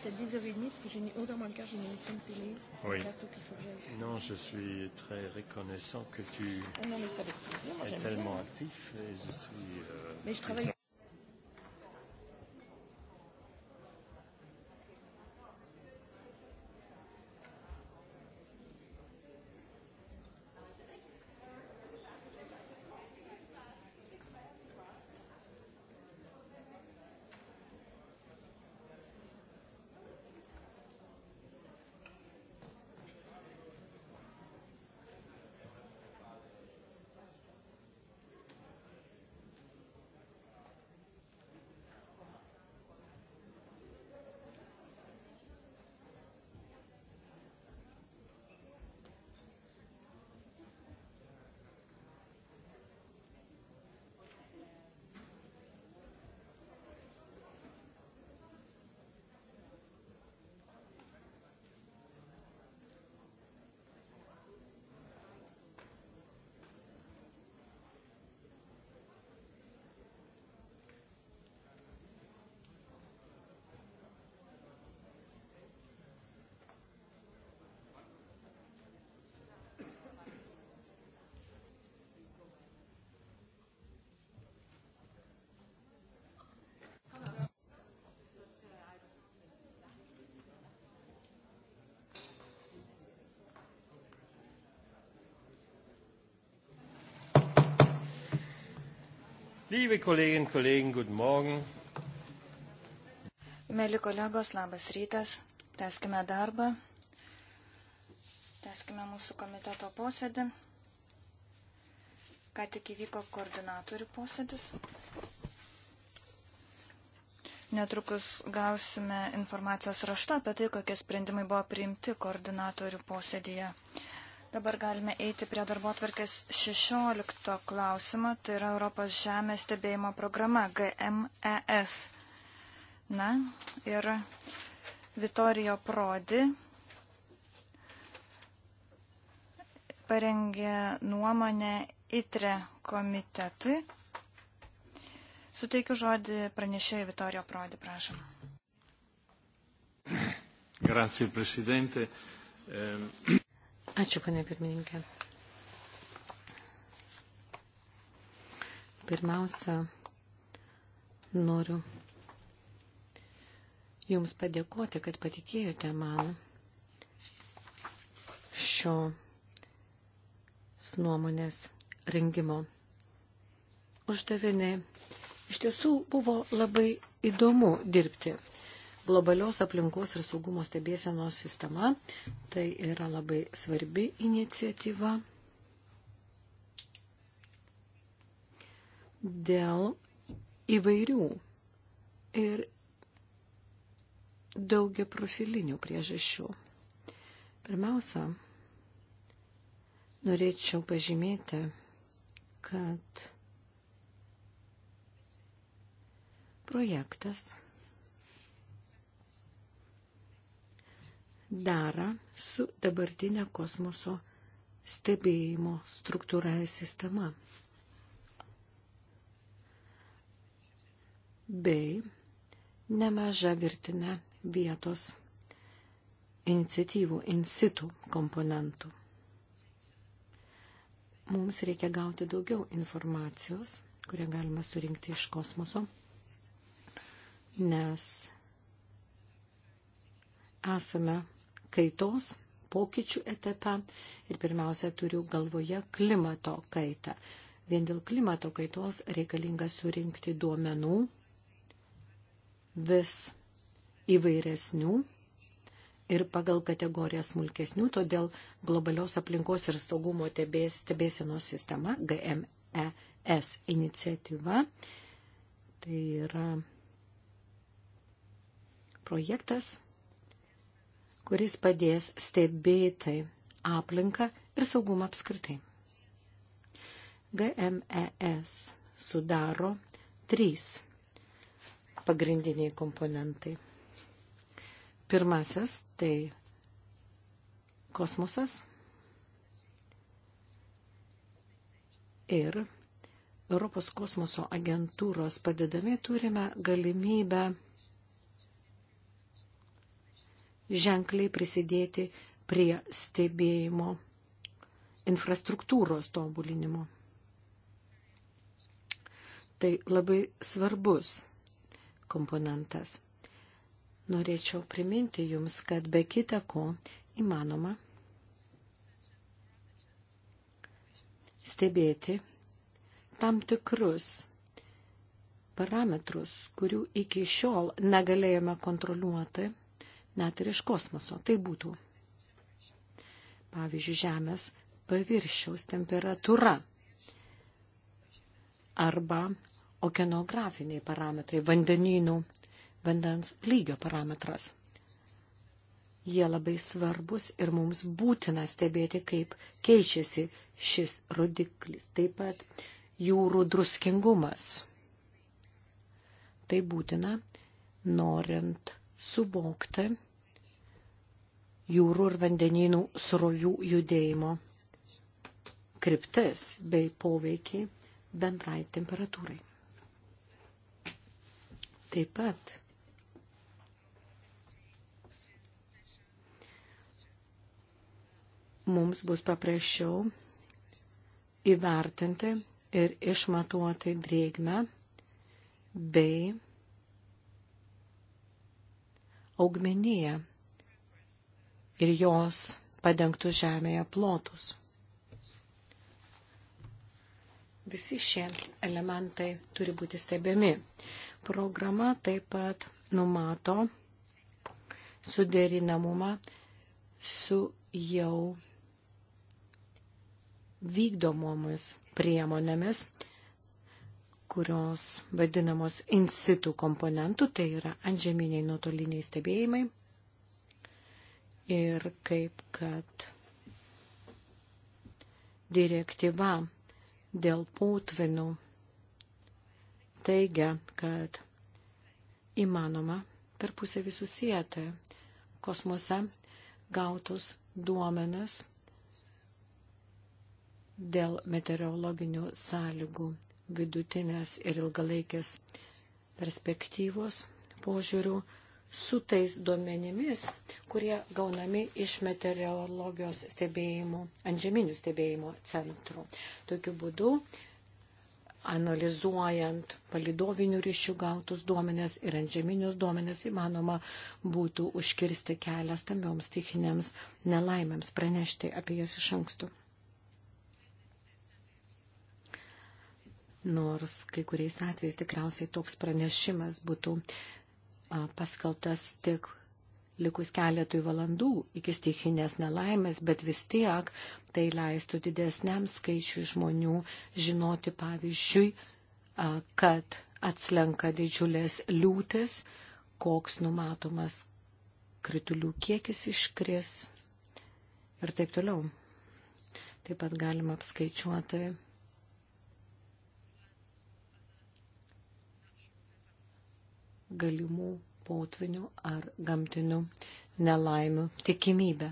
vite à 10h30 parce que j'ai mis 11h moins le quart, j'ai une émission de télé. Oui. Plateau qu'il faut que j'aille. Non, je suis très reconnaissant que tu non, mais ça avec plaisir, moi, es tellement bien. actif et je suis. Euh, mais je travaille Liebe Kolleginnen und Kollegen, guten Morgen. Mėly kolegos, labas rytas. Teskime darbą. Teskime mūsų komiteto posėdį. Ką tik įvyko koordinatorių posėdis. Netrukus gausime informacijos raštą apie tai, kokie sprendimai buvo priimti koordinatorių posėdėje. Dabar galime eiti prie darbo tvarkės 16 klausimo, tai yra Europos žemės stebėjimo programa GMES. Na ir Vitorijo Prodi parengė nuomonę ITRE komitetui. Suteikiu žodį pranešėjai Vitorijo Prodi, prašom. Grazie, Presidente. Ehm, Ačiū, panė pirmininkė. Pirmiausia, noriu Jums padėkoti, kad patikėjote man šio nuomonės rengimo. Uždavinė iš tiesų buvo labai įdomu dirbti Globalios aplinkos ir saugumo stebėsenos sistema tai yra labai svarbi iniciatyva dėl įvairių ir daugia profilinių priežasčių. Pirmiausia, norėčiau pažymėti, kad projektas dera su dabartinė kosmoso stebėjimo struktūra ir sistema. Bei nemaža virtinė vietos iniciatyvų, insitų komponentų. Mums reikia gauti daugiau informacijos, kurią galima surinkti iš kosmoso, nes esame kaitos pokyčių etape ir pirmiausia turiu galvoje klimato kaitą. Vien dėl klimato kaitos reikalinga surinkti duomenų vis įvairesnių ir pagal kategoriją smulkesnių, todėl globalios aplinkos ir saugumo stebėsienos sistema GMES iniciatyva. Tai yra projektas, kuris padės stebėti aplinką ir saugumą apskritai. GMES sudaro trys pagrindiniai komponentai. Pirmasis - tai kosmosas ir Europos kosmoso agentūros padedami turime galimybę ženkliai prisidėti prie stebėjimo infrastruktūros tobulinimo. Tai labai svarbus komponentas. Norėčiau priminti Jums, kad be kita ko įmanoma stebėti tam tikrus parametrus, kurių iki šiol negalėjome kontroliuoti net ir iš kosmoso. Tai būtų, pavyzdžiui, Žemės paviršiaus temperatūra arba okeanografiniai parametrai, vandenynų, vandens lygio parametras. Jie labai svarbus ir mums būtina stebėti, kaip keičiasi šis rodiklis. Taip pat jūrų druskingumas. Tai būtina, norint suvokti jūrų ir vandenynų srovių judėjimo kryptis bei poveikį bendrai temperatūrai. Taip pat mums bus paprasčiau įvertinti ir išmatuoti drėgmę bei augmeniją ir jos padengtų žemėje plotus. Visi šie elementai turi būti stebimi. Programa taip pat numato suderinamumą su jau vykdomomis priemonėmis kurios vadinamos insitų komponentų, tai yra antžeminiai nuotoliniai stebėjimai. Ir kaip kad direktyva dėl potvinų teigia, kad įmanoma tarpusavį susijęti kosmose gautus duomenis dėl meteorologinių sąlygų vidutinės ir ilgalaikės perspektyvos požiūrių su tais duomenimis, kurie gaunami iš meteorologijos stebėjimų, antžeminių stebėjimo centrų. Tokiu būdu, analizuojant palidovinių ryšių gautus duomenės ir antžeminius duomenės, įmanoma būtų užkirsti kelią stambioms stichinėms nelaimėms, pranešti apie jas iš anksto. nors kai kuriais atvejais tikriausiai toks pranešimas būtų paskaltas tik likus keletui valandų iki stichinės nelaimės, bet vis tiek tai leistų didesniam skaičiui žmonių žinoti, pavyzdžiui, kad atslenka didžiulės liūtis, koks numatomas kritulių kiekis iškris ir taip toliau. Taip pat galima apskaičiuoti galimų potvinių ar gamtinių nelaimių tikimybę.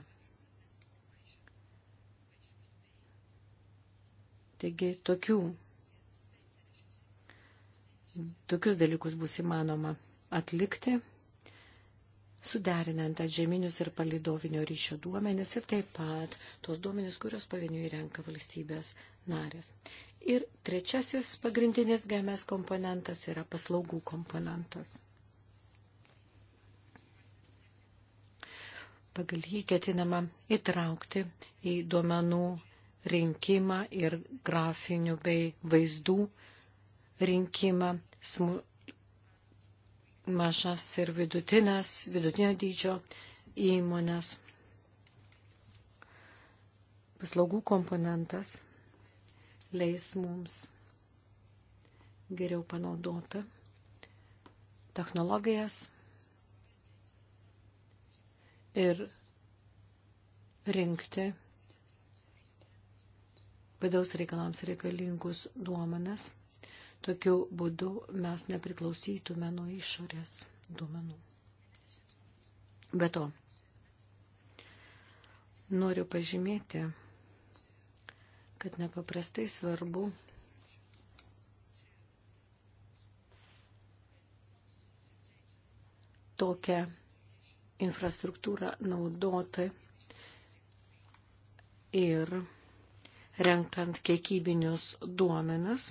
Taigi tokių, tokius dalykus bus įmanoma atlikti, suderinant atžeminius ir palidovinio ryšio duomenis ir taip pat tos duomenis, kurios pavieniui renka valstybės narės. Ir trečiasis pagrindinis GMS komponentas yra paslaugų komponentas. Pagal jį ketinama įtraukti į duomenų rinkimą ir grafinių bei vaizdų rinkimą smu, mažas ir vidutinės, vidutinio dydžio įmonės. Paslaugų komponentas leis mums geriau panaudoti technologijas ir rinkti vidaus reikalams reikalingus duomenas. Tokiu būdu mes nepriklausytume nuo išorės duomenų. Be to, noriu pažymėti, kad nepaprastai svarbu tokią infrastruktūrą naudoti ir renkant kiekybinius duomenis,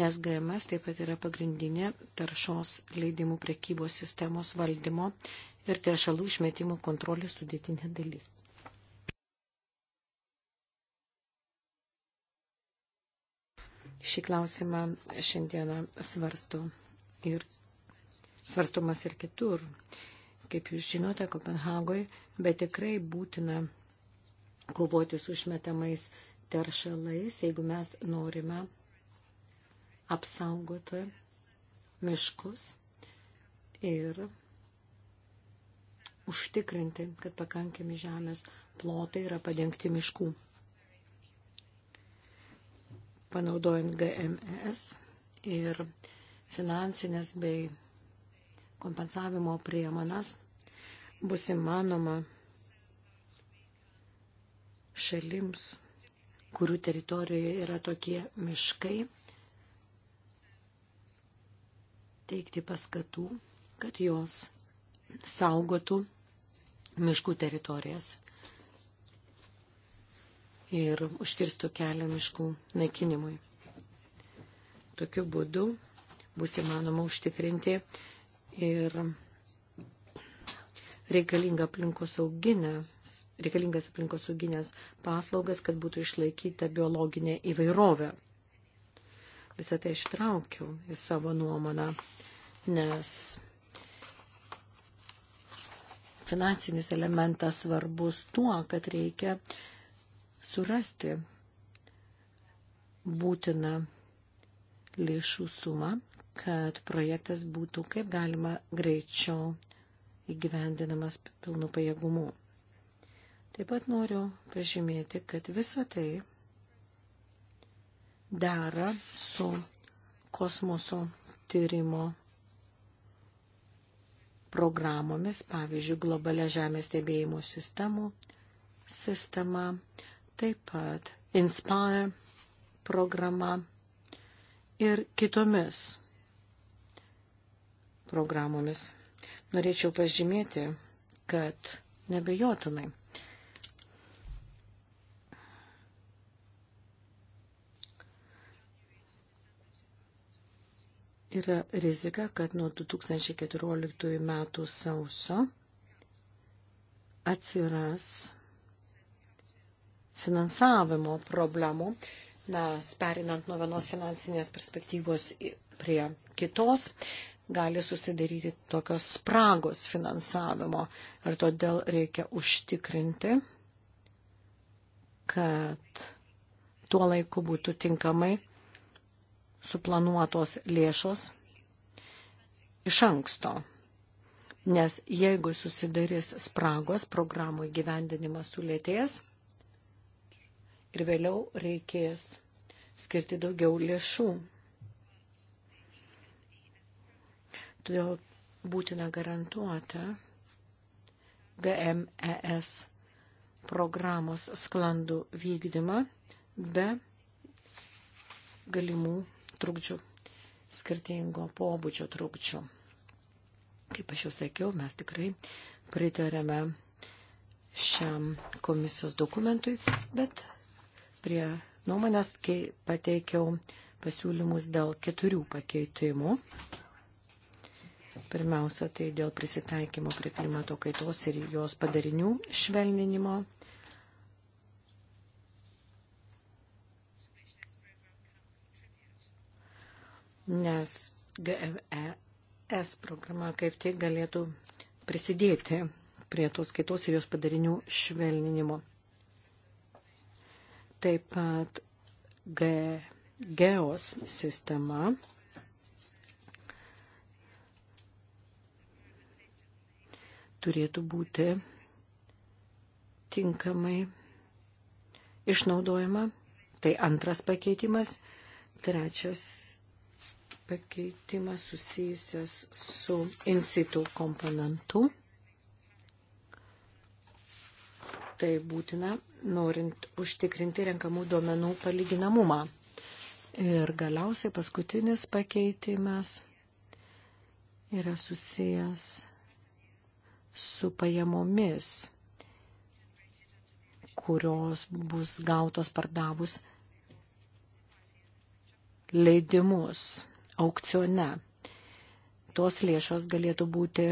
nes GMS taip pat yra pagrindinė taršos leidimų prekybos sistemos valdymo ir teršalų išmetimo kontrolės sudėtinė dalis. Šį klausimą šiandieną svarsto ir svarstomas ir kitur kaip jūs žinote, Kopenhagoje, bet tikrai būtina kovoti su išmetamais teršalais, jeigu mes norime apsaugoti miškus ir užtikrinti, kad pakankami žemės plotai yra padengti miškų. Panaudojant GMS e ir finansinės bei kompensavimo priemonas bus įmanoma šalims, kurių teritorijoje yra tokie miškai, teikti paskatų, kad jos saugotų miškų teritorijas ir užkirstų kelią miškų naikinimui. Tokiu būdu bus įmanoma užtikrinti ir reikalinga aplinkosauginės, reikalingas aplinkosauginės paslaugas, kad būtų išlaikyta biologinė įvairovė. Visą tai ištraukiau į savo nuomonę, nes finansinis elementas svarbus tuo, kad reikia surasti būtiną lėšų sumą, kad projektas būtų kaip galima greičiau įgyvendinamas pilnu pajėgumu. Taip pat noriu pažymėti, kad visa tai dera su kosmoso tyrimo programomis, pavyzdžiui, globalia žemės stebėjimo sistemų sistema, taip pat Inspire programa ir kitomis programomis norėčiau pažymėti, kad nebejotinai yra rizika, kad nuo 2014 metų sauso atsiras finansavimo problemų, nes perinant nuo vienos finansinės perspektyvos prie kitos, gali susidaryti tokios spragos finansavimo ir todėl reikia užtikrinti, kad tuo laiku būtų tinkamai suplanuotos lėšos iš anksto. Nes jeigu susidarys spragos, programų įgyvendinimas sulėtės ir vėliau reikės skirti daugiau lėšų Todėl būtina garantuoti GMES programos sklandų vykdymą be galimų trukdžių, skirtingo pobūdžio trukdžių. Kaip aš jau sakiau, mes tikrai pritarėme šiam komisijos dokumentui, bet prie nuomonės pateikiau pasiūlymus dėl keturių pakeitimų. Pirmiausia, tai dėl prisitaikymo prie klimato kaitos ir jos padarinių švelninimo. Nes GMES programa kaip tik galėtų prisidėti prie tos kaitos ir jos padarinių švelninimo. Taip pat G, e GEOS sistema turėtų būti tinkamai išnaudojama. Tai antras pakeitimas. Trečias pakeitimas susijusias su insitų komponentu. Tai būtina, norint užtikrinti renkamų duomenų palyginamumą. Ir galiausiai paskutinis pakeitimas yra susijęs su pajamomis, kurios bus gautos pardavus leidimus aukcione. Tos lėšos galėtų būti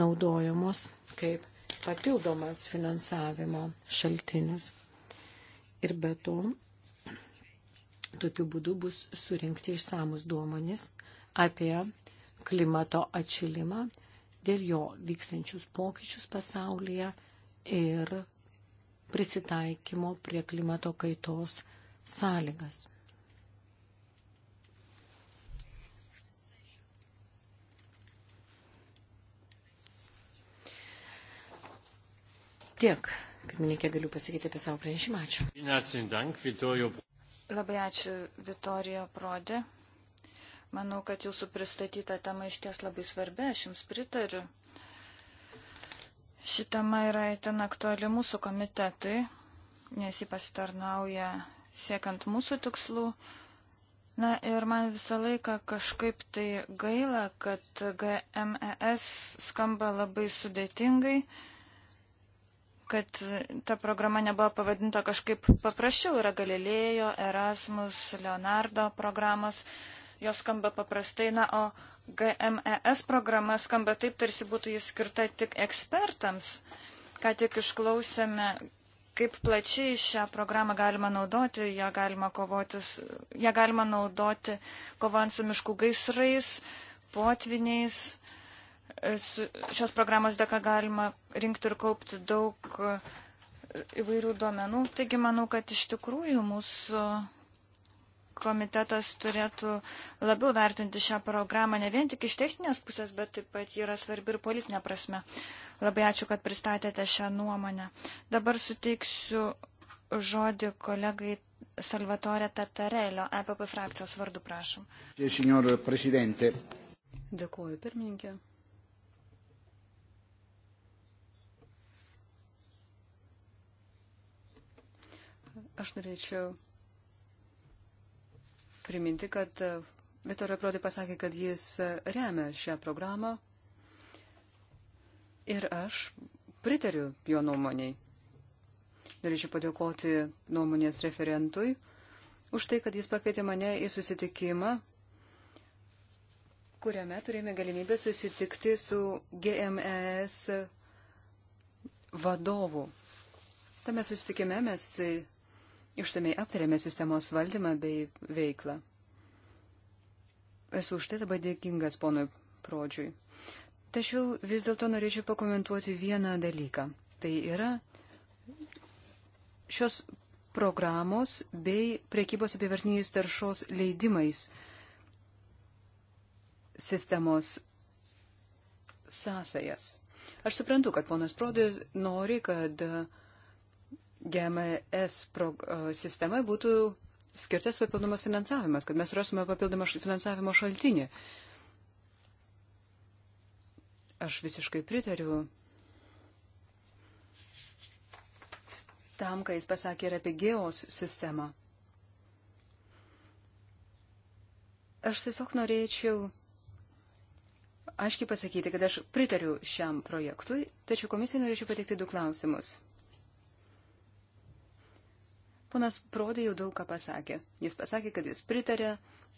naudojamos kaip papildomas finansavimo šaltinis. Ir be to, tokiu būdu bus surinkti išsamus duomenys apie klimato atšilimą dėl jo vykstančius pokyčius pasaulyje ir prisitaikymo prie klimato kaitos sąlygas. Tiek, pirmininkė, galiu pasakyti apie savo pranešimą. Ačiū. Labai ačiū Vitorijo Prodė. Manau, kad jūsų pristatyta tema iš ties labai svarbi, aš jums pritariu. Ši tema yra itin aktuali mūsų komitetui, nes jį pasitarnauja siekiant mūsų tikslų. Na ir man visą laiką kažkaip tai gaila, kad GMES skamba labai sudėtingai kad ta programa nebuvo pavadinta kažkaip paprasčiau, yra Galilėjo, Erasmus, Leonardo programos jos skamba paprastai, na, o GMES programa skamba taip, tarsi būtų jis skirta tik ekspertams. Ką tik išklausėme, kaip plačiai šią programą galima naudoti, ją galima, kovotis, ją galima naudoti kovant su miškų gaisrais, potviniais. E, su šios programos dėka galima rinkti ir kaupti daug e, įvairių duomenų. Taigi manau, kad iš tikrųjų mūsų komitetas turėtų labiau vertinti šią programą ne vien tik iš techninės pusės, bet taip pat yra svarbi ir politinė prasme. Labai ačiū, kad pristatėte šią nuomonę. Dabar suteiksiu žodį kolegai Salvatore Tatarelio, EPP frakcijos vardu, prašom. Dėkuoju, pirmininkė. Aš norėčiau priminti, kad e, Vitorio Prodi pasakė, kad jis e, remia šią programą ir aš pritariu jo nuomoniai. Norėčiau padėkoti nuomonės referentui už tai, kad jis pakvietė mane į susitikimą, kuriame turėjome galimybę susitikti su GMS e vadovu. Tame susitikime mes Išsamei aptarėme sistemos valdymą bei veiklą. Esu už tai labai dėkingas ponui Prodžiui. Tačiau vis dėlto norėčiau pakomentuoti vieną dalyką. Tai yra šios programos bei priekybos apivartiniais taršos leidimais sistemos sąsajas. Aš suprantu, kad ponas Prodė nori, kad uh, GMS pro, sistemai būtų skirtas papildomas finansavimas, kad mes rastume papildomą finansavimo šaltinį. Aš visiškai pritariu tam, ką jis pasakė ir apie geos sistemą. Aš tiesiog norėčiau aiškiai pasakyti, kad aš pritariu šiam projektui, tačiau komisijai norėčiau pateikti du klausimus. Ponas Prodė jau daug ką pasakė. Jis pasakė, kad jis pritarė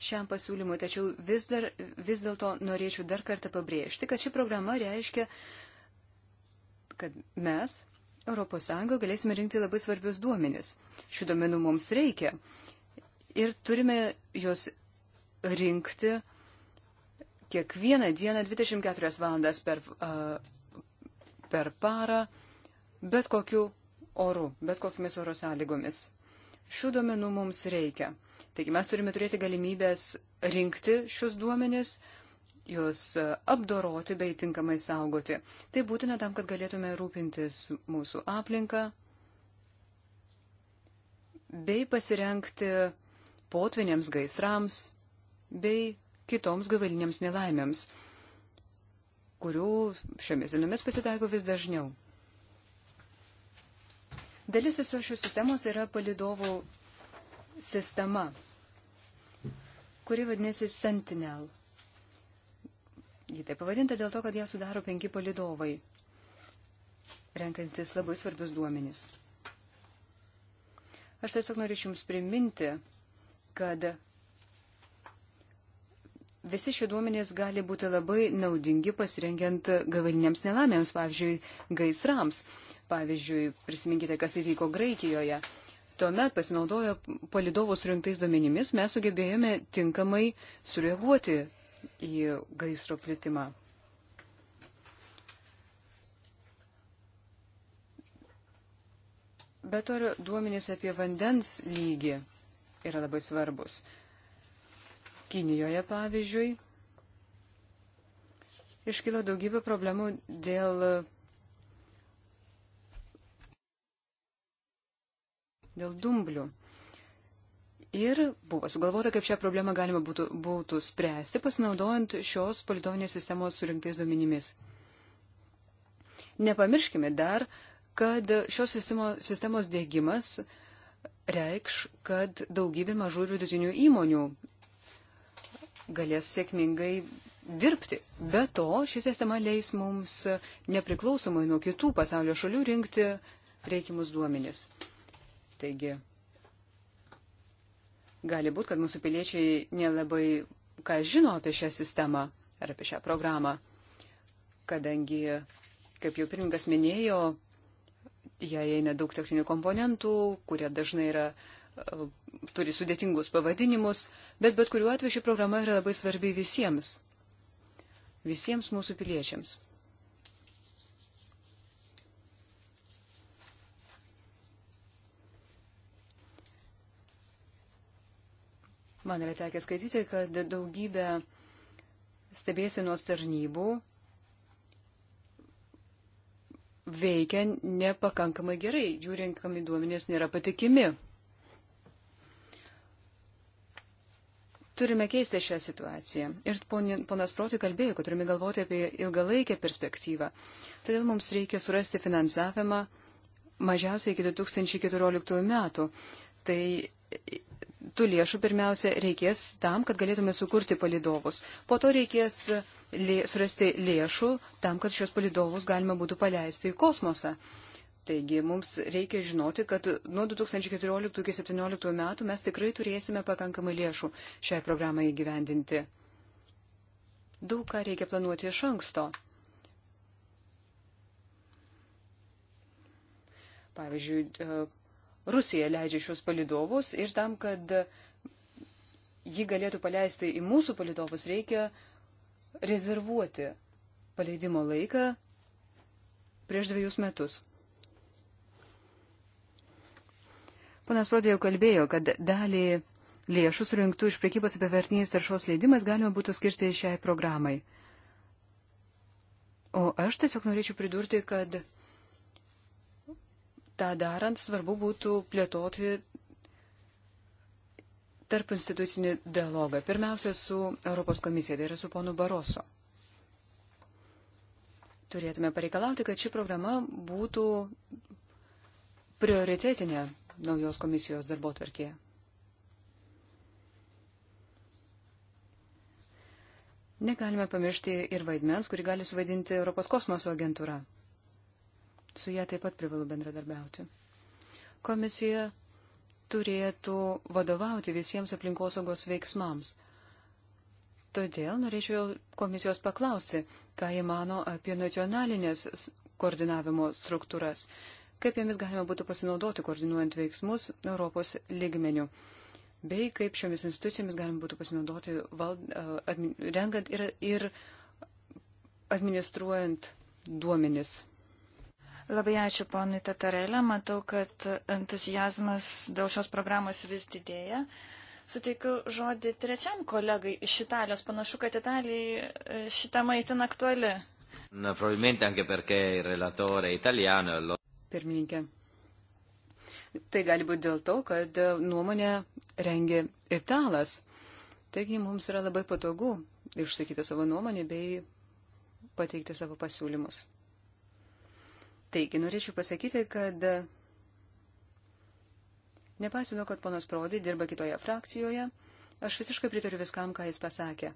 šiam pasiūlymui, tačiau vis, dar, vis dėlto norėčiau dar kartą pabrėžti, kad ši programa reiškia, kad mes, ES, galėsime rinkti labai svarbius duomenis. Šių duomenų mums reikia ir turime juos rinkti kiekvieną dieną 24 valandas per, uh, per parą, bet kokiu oru, bet kokiamis oro sąlygomis. Šių duomenų mums reikia. Taigi mes turime turėti galimybės rinkti šius duomenis, juos apdoroti bei tinkamai saugoti. Tai būtina tam, kad galėtume rūpintis mūsų aplinką bei pasirenkti potviniams gaisrams bei kitoms gavaliniams nelaimėms, kurių šiomis dienomis pasitaiko vis dažniau. Dalis visos šios sistemos yra palidovų sistema, kuri vadinasi Sentinel. Ji taip pavadinta dėl to, kad ją sudaro penki palidovai, renkantis labai svarbius duomenys. Aš tiesiog norėčiau Jums priminti, kad visi šie duomenys gali būti labai naudingi pasirengiant gavaliniams nelaimėms, pavyzdžiui, gaisrams. Pavyzdžiui, prisiminkite, kas įvyko Graikijoje. Tuomet pasinaudojo palidovų surinktais duomenimis, mes sugebėjome tinkamai sureaguoti į gaisro plitimą. Bet ar duomenys apie vandens lygį yra labai svarbus? Kinijoje, pavyzdžiui, iškilo daugybė problemų dėl dėl dumblių. Ir buvo sugalvota, kaip šią problemą galima būtų, būtų spręsti, pasinaudojant šios palidovinės sistemos surinktais duomenimis. Nepamirškime dar, kad šios sistemos, sistemos dėgymas reikš, kad daugybė mažų ir vidutinių įmonių galės sėkmingai dirbti. Be to, ši sistema leis mums nepriklausomai nuo kitų pasaulio šalių rinkti reikimus duomenis. Taigi, gali būti, kad mūsų piliečiai nelabai ką žino apie šią sistemą ar apie šią programą, kadangi, kaip jau pirmininkas minėjo, jie eina daug techninių komponentų, kurie dažnai yra, e, turi sudėtingus pavadinimus, bet bet kuriuo atveju ši programa yra labai svarbi visiems, visiems mūsų piliečiams. Man yra tekę skaityti, kad daugybė stebėsinos tarnybų veikia nepakankamai gerai, jų renkami duomenės nėra patikimi. Turime keisti šią situaciją. Ir ponas Proti kalbėjo, kad turime galvoti apie ilgalaikę perspektyvą. Todėl mums reikia surasti finansavimą mažiausiai iki 2014 metų. Tai tų lėšų pirmiausia reikės tam, kad galėtume sukurti palidovus. Po to reikės lė, surasti lėšų tam, kad šios palidovus galima būtų paleisti į kosmosą. Taigi mums reikia žinoti, kad nuo 2014 iki 2017 metų mes tikrai turėsime pakankamai lėšų šiai programai įgyvendinti. Daug ką reikia planuoti iš anksto. Pavyzdžiui, Rusija leidžia šios palidovus ir tam, kad ji galėtų paleisti į mūsų palidovus, reikia rezervuoti paleidimo laiką prieš dviejus metus. Ponas Prodėjo kalbėjo, kad dalį lėšų surinktų iš priekybos apie vertinės taršos leidimas galima būtų skirti šiai programai. O aš tiesiog norėčiau pridurti, kad tą darant svarbu būtų plėtoti tarp institucinį dialogą. Pirmiausia, su Europos komisija, tai yra su ponu Baroso. Turėtume pareikalauti, kad ši programa būtų prioritetinė naujos komisijos darbo tvarkėje. Negalime pamiršti ir vaidmens, kurį gali suvaidinti Europos kosmoso agentūra su ją taip pat privalu bendradarbiauti. Komisija turėtų vadovauti visiems aplinkosaugos veiksmams. Todėl norėčiau komisijos paklausti, ką jie mano apie nacionalinės koordinavimo struktūras, kaip jomis galima būtų pasinaudoti koordinuojant veiksmus Europos lygmenių, bei kaip šiomis institucijomis galima būtų pasinaudoti val, admin, rengant ir, ir administruojant duomenis. Labai ačiū ponui Tatarelė. Matau, kad entuzijazmas dėl šios programos vis didėja. Suteikiu žodį trečiam kolegai iš Italijos. Panašu, kad Italijai e, šitą maitin aktuali. E Pirmininkė. Tai gali būti dėl to, kad nuomonę rengia italas. Taigi mums yra labai patogu išsakyti savo nuomonę bei pateikti savo pasiūlymus. Taigi, norėčiau pasakyti, kad Nepaisino, kad ponas Prodi dirba kitoje frakcijoje, aš visiškai pritariu viskam, ką jis pasakė.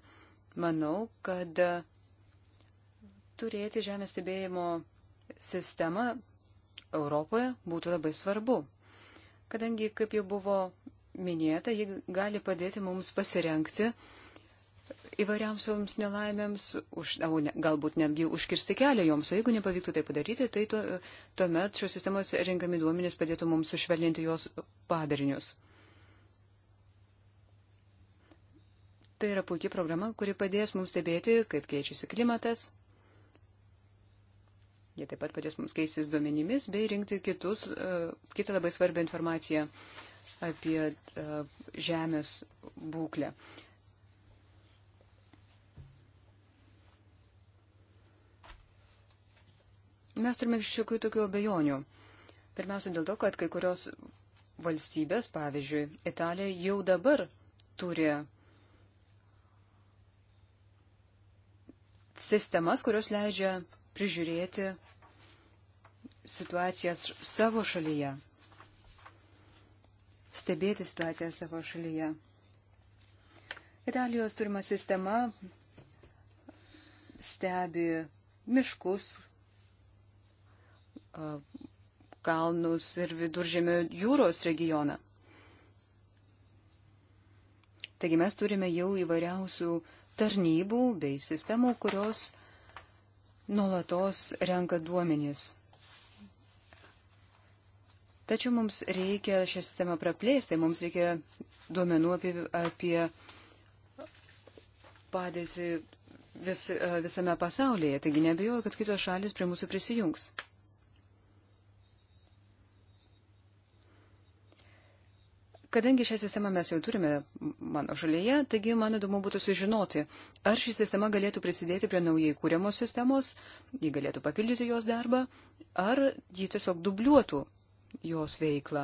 Manau, kad turėti žemės stebėjimo sistemą Europoje būtų labai svarbu, kadangi, kaip jau buvo minėta, ji gali padėti mums pasirenkti uh, įvairiausioms nelaimėms, už, au, ne, galbūt netgi užkirsti kelią joms, o jeigu nepavyktų tai padaryti, tai to, tuomet šios sistemos renkami duomenys padėtų mums sušvelninti jos padarinius. Tai yra puikia programa, kuri padės mums stebėti, kaip keičiasi klimatas. Jie taip pat padės mums keistis duomenimis bei rinkti kitus, uh, kitą labai svarbią informaciją apie uh, žemės būklę. Uh, mes turime šiokių tokių abejonių. Pirmiausia dėl to, kad kai kurios valstybės, pavyzdžiui, Italija jau dabar turi sistemas, kurios leidžia prižiūrėti situacijas savo šalyje, stebėti situaciją savo šalyje. Italijos turima sistema stebi miškus, kalnus ir viduržėmio jūros regioną. Taigi mes turime jau įvairiausių tarnybų bei sistemų, kurios nuolatos renka duomenys. Tačiau mums reikia šią sistemą praplėsti, mums reikia duomenų apie, apie padėtį vis, visame pasaulyje. Taigi nebejoju, kad kitos šalis prie mūsų prisijungs. Kadangi šią sistemą mes jau turime mano šalyje, taigi man įdomu būtų sužinoti, ar ši sistema galėtų prisidėti prie naujai kūriamos sistemos, ji galėtų papildyti jos darbą, ar ji tiesiog dubliuotų jos veiklą.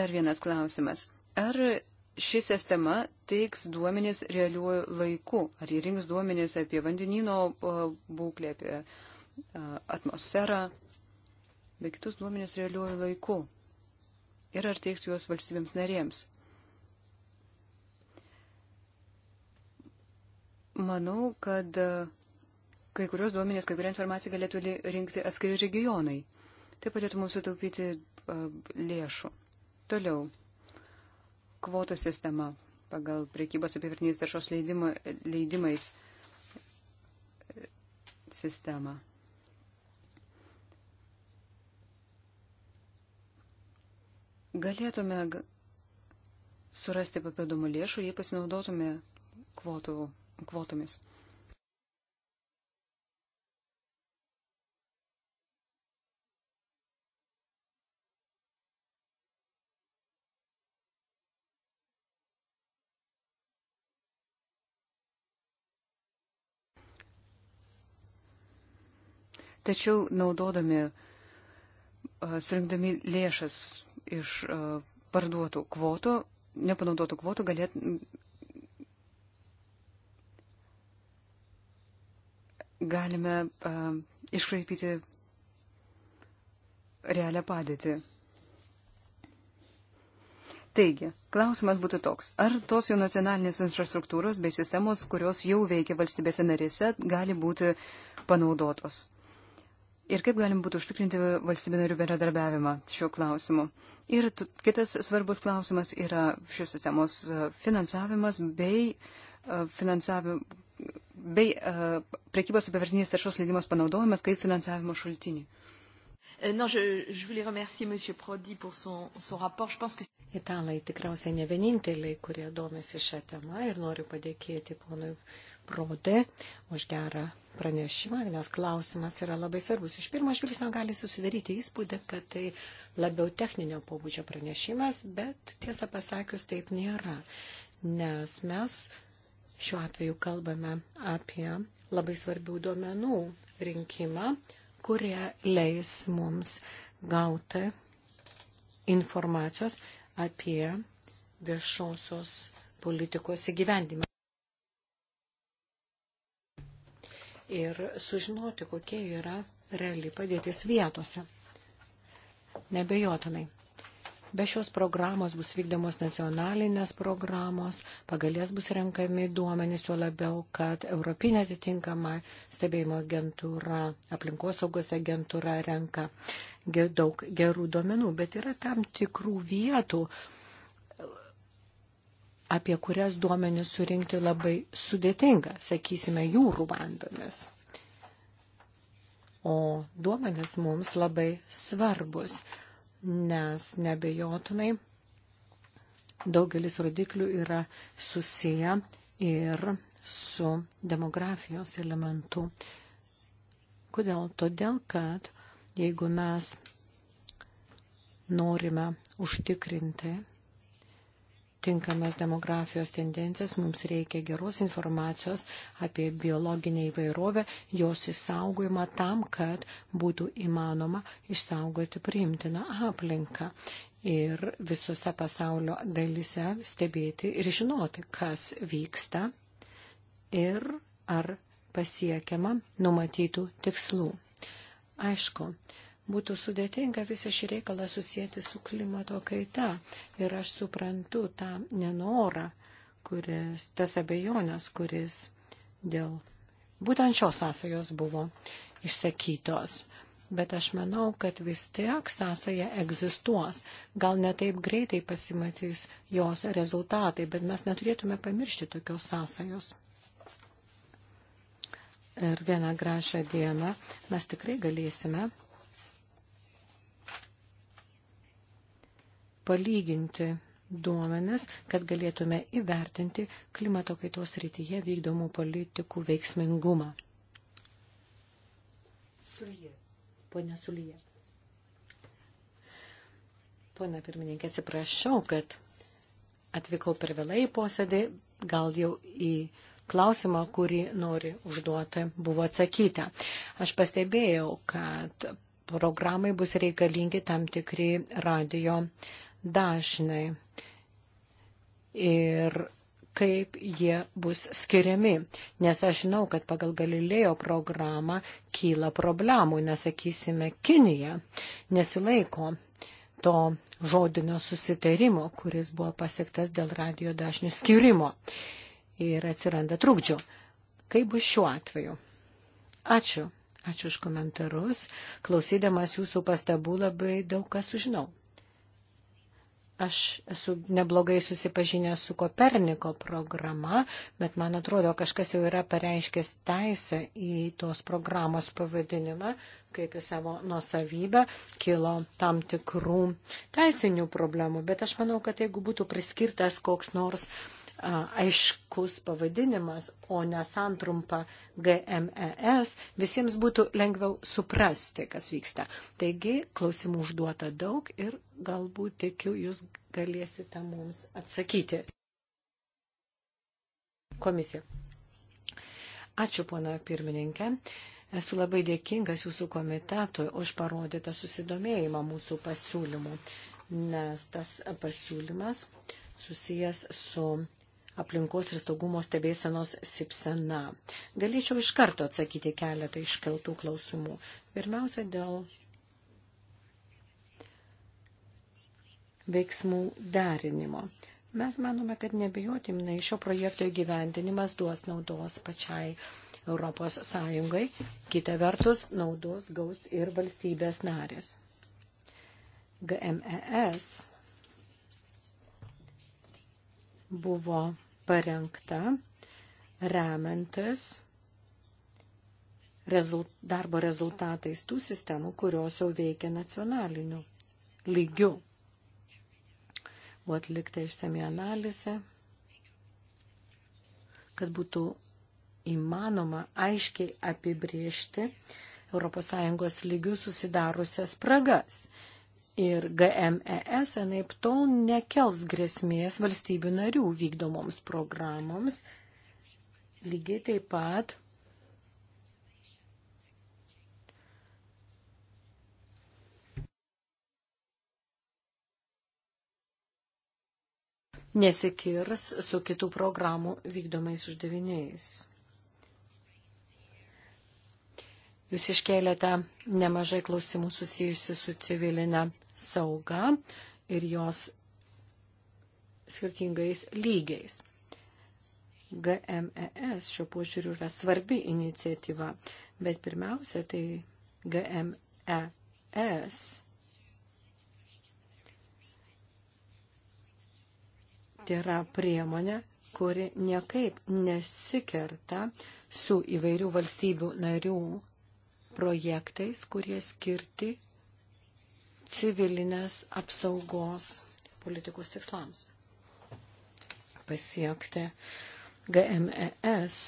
Dar vienas klausimas. Ar ši sistema teiks duomenis realiuoju laiku, ar jie rinks duomenis apie vandenino būklę, apie atmosferą, bei kitus duomenis realiuoju laiku. Ir ar teiks juos valstybėms narėms. Manau, kad kai kurios duomenys, kai kurią informaciją galėtų rinkti atskiri regionai. Tai padėtų mums sutaupyti lėšų. Toliau kvotų sistema pagal priekybos apivirtiniais taršos leidimo, leidimais sistemą. Galėtume surasti papildomų lėšų, jei pasinaudotume kvotų, kvotomis. Tačiau naudodami, surinkdami lėšas iš parduotų kvotų, nepanaudotų kvotų galėt, galime uh, iškraipyti realią padėtį. Taigi, klausimas būtų toks, ar tos jų nacionalinės infrastruktūros bei sistemos, kurios jau veikia valstybėse narėse, gali būti panaudotos? ir kaip galim būtų užtikrinti valstybių narių bendradarbiavimą šiuo klausimu. Ir kitas svarbus klausimas yra šios sistemos e, finansavimas bei, e, finansavim, bei e, prekybos apivartinės taršos leidimas panaudojimas kaip finansavimo šaltinį. Non, je, je voulais remercier M. Prodi pour son, son rapport. Je pense que... Italai tikriausiai ne vieninteliai, kurie domisi šią temą ir noriu padėkėti ponui Prode už gerą pranešimą, nes klausimas yra labai svarbus. Iš pirmo žvilgsnio gali susidaryti įspūdį, kad tai labiau techninio pobūdžio pranešimas, bet tiesą pasakius taip nėra, nes mes šiuo atveju kalbame apie labai svarbių duomenų rinkimą, kurie leis mums gauti informacijos apie viešosios politikos įgyvendimą. ir sužinoti, kokia yra reali padėtis vietose. Nebejotinai. Be šios programos bus vykdomos nacionalinės programos, pagalės bus renkami duomenys, jo labiau, kad Europinė atitinkama stebėjimo agentūra, aplinkosaugos agentūra renka daug gerų duomenų, bet yra tam tikrų vietų, apie kurias duomenis surinkti labai sudėtinga, sakysime, jūrų vandomis. O duomenis mums labai svarbus, nes nebejotinai daugelis rodiklių yra susiję ir su demografijos elementu. Kodėl? Todėl, kad jeigu mes norime užtikrinti tinkamas demografijos tendencijas, mums reikia geros informacijos apie biologinę įvairovę, jos įsaugojimą tam, kad būtų įmanoma išsaugoti priimtiną aplinką ir visose pasaulio dalise stebėti ir žinoti, kas vyksta ir ar pasiekiama numatytų tikslų. Aišku, būtų sudėtinga visą šį reikalą susijęti su klimato kaita. Ir aš suprantu tą nenorą, kuris, tas abejonės, kuris dėl būtent šios sąsajos buvo išsakytos. Bet aš manau, kad vis tiek sąsaja egzistuos. Gal ne taip greitai pasimatys jos rezultatai, bet mes neturėtume pamiršti tokios sąsajos. Ir vieną gražią dieną mes tikrai galėsime palyginti duomenis, kad galėtume įvertinti klimato kaitos rytyje vykdomų politikų veiksmingumą. Sulyje. Pone Sulyje. Pone pirmininkė, atsiprašau, kad atvykau per vėlai į posėdį, gal jau į klausimą, kurį nori užduoti, buvo atsakyta. Aš pastebėjau, kad programai bus reikalingi tam tikri radio dažnai ir kaip jie bus skiriami. Nes aš žinau, kad pagal Galilėjo programą kyla problemų, nesakysime, Kinija nesilaiko to žodinio susitarimo, kuris buvo pasiektas dėl radio dažnių skirimo ir atsiranda trūkdžių. Kaip bus šiuo atveju? Ačiū. Ačiū už komentarus. Klausydamas jūsų pastabų labai daug kas sužinau. Aš esu neblogai susipažinęs su Koperniko programa, bet man atrodo, kažkas jau yra pareiškęs teisę į tos programos pavadinimą, kaip į savo nuosavybę, kilo tam tikrų teisinių problemų. Bet aš manau, kad jeigu būtų priskirtas koks nors uh, aiškus pavadinimas, o nesantrumpa GMES, visiems būtų lengviau suprasti, kas vyksta. Taigi, klausimų užduota daug ir galbūt tikiu, jūs galėsite mums atsakyti. Komisija. Ačiū, pona pirmininkė. Esu labai dėkingas jūsų komitetui už parodytą susidomėjimą mūsų pasiūlymų, nes tas pasiūlymas susijęs su aplinkos ir saugumo stebėsenos sipsena. Galėčiau iš karto atsakyti keletą iškeltų klausimų. Pirmiausia, dėl veiksmų derinimo. Mes manome, kad nebijotimnai šio projekto įgyvendinimas duos naudos pačiai Europos Sąjungai, kita vertus naudos gaus ir valstybės narės. GMES buvo parengta remiantis rezult, darbo rezultatais tų sistemų, kurios jau veikia nacionaliniu lygiu. Buvo atlikta išsami analizė, kad būtų įmanoma aiškiai apibriežti ES lygių susidariusias spragas ir GMES anaip tol nekels grėsmės valstybių narių vykdomoms programoms. Lygiai taip pat nesikirs su kitų programų vykdomais uždaviniais. Jūs iškėlėte nemažai klausimų susijusių su civilinė sauga ir jos skirtingais lygiais. GMES šio požiūriu yra svarbi iniciatyva, bet pirmiausia, tai GMES tai yra priemonė, kuri niekaip nesikerta su įvairių valstybių narių projektais, kurie skirti civilinės apsaugos politikos tikslams. Pasiekti GMES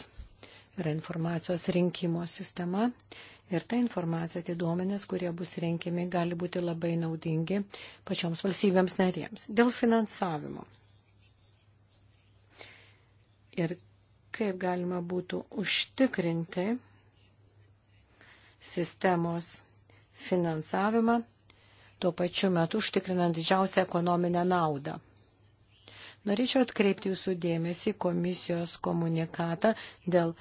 yra informacijos rinkimo sistema ir ta informacija, tai duomenės, kurie bus rinkimi, gali būti labai naudingi pačioms valstybėms narėms. Dėl finansavimo. Ir kaip galima būtų užtikrinti sistemos finansavimą, tuo pačiu metu užtikrinant didžiausią ekonominę naudą. Norėčiau atkreipti jūsų dėmesį komisijos komunikatą dėl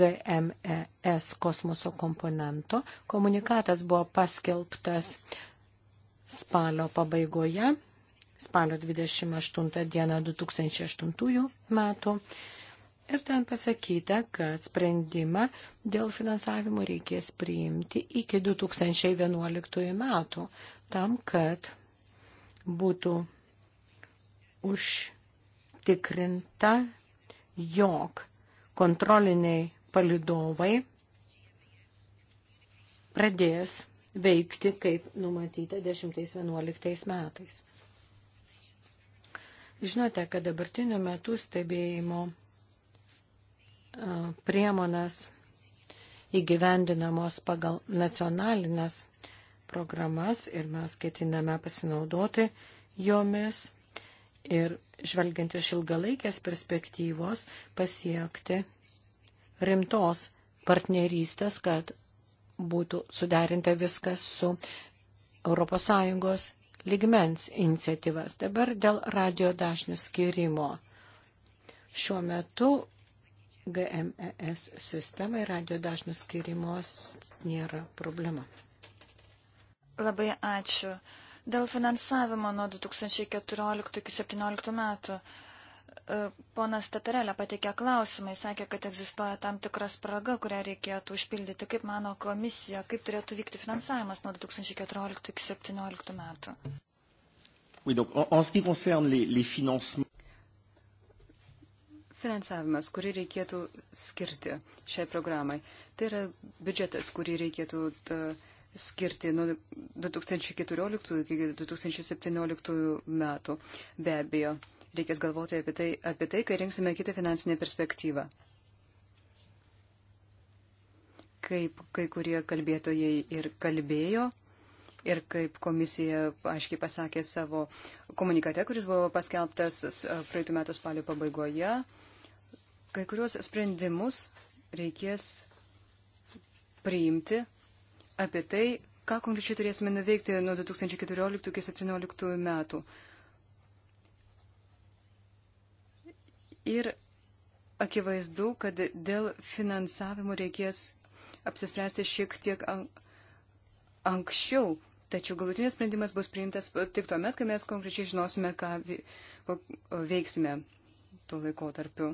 GMES kosmoso komponento. Komunikatas buvo paskelbtas spalio pabaigoje, spalio 28 dieną 2008 metų. Ir ten pasakyta, kad sprendimą dėl finansavimo reikės priimti iki 2011 metų, tam, kad būtų užtikrinta, jog kontroliniai palidovai pradės veikti, kaip numatyta 10-11 metais. Žinote, kad dabartiniu metu stebėjimo priemonės įgyvendinamos pagal nacionalinės programas ir mes ketiname pasinaudoti jomis ir žvelgiant iš ilgalaikės perspektyvos pasiekti rimtos partnerystės, kad būtų suderinta viskas su ES ligmens iniciatyvas. Dabar dėl radio dažnių skirimo. Šiuo metu GMES sistemai radio dažnių skirimos nėra problema. Labai ačiū. Dėl finansavimo nuo 2014 iki 2017 metų e, ponas Tatarelė pateikė klausimą, jis sakė, kad egzistuoja tam tikra spraga, kurią reikėtų užpildyti. Kaip mano komisija, kaip turėtų vykti finansavimas nuo 2014 iki 2017 metų? Oui, donc, en, en ce qui concerne les, les financements finansavimas, kurį reikėtų skirti šiai programai. Tai yra biudžetas, kurį reikėtų skirti nuo 2014 iki 2017 metų. Be abejo, reikės galvoti apie tai, apie tai kai rinksime kitą finansinę perspektyvą. Kaip kai kurie kalbėtojai ir kalbėjo, ir kaip komisija aiškiai pasakė savo komunikate, kuris buvo paskelbtas praeitų metų spalio pabaigoje, Kai kurios sprendimus reikės priimti apie tai, ką konkrečiai turėsime nuveikti nuo 2014 iki 2017 metų. Ir akivaizdu, kad dėl finansavimo reikės apsispręsti šiek tiek anksčiau, tačiau galutinis sprendimas bus priimtas tik tuo met, kai mes konkrečiai žinosime, ką veiksime tuo laikotarpiu.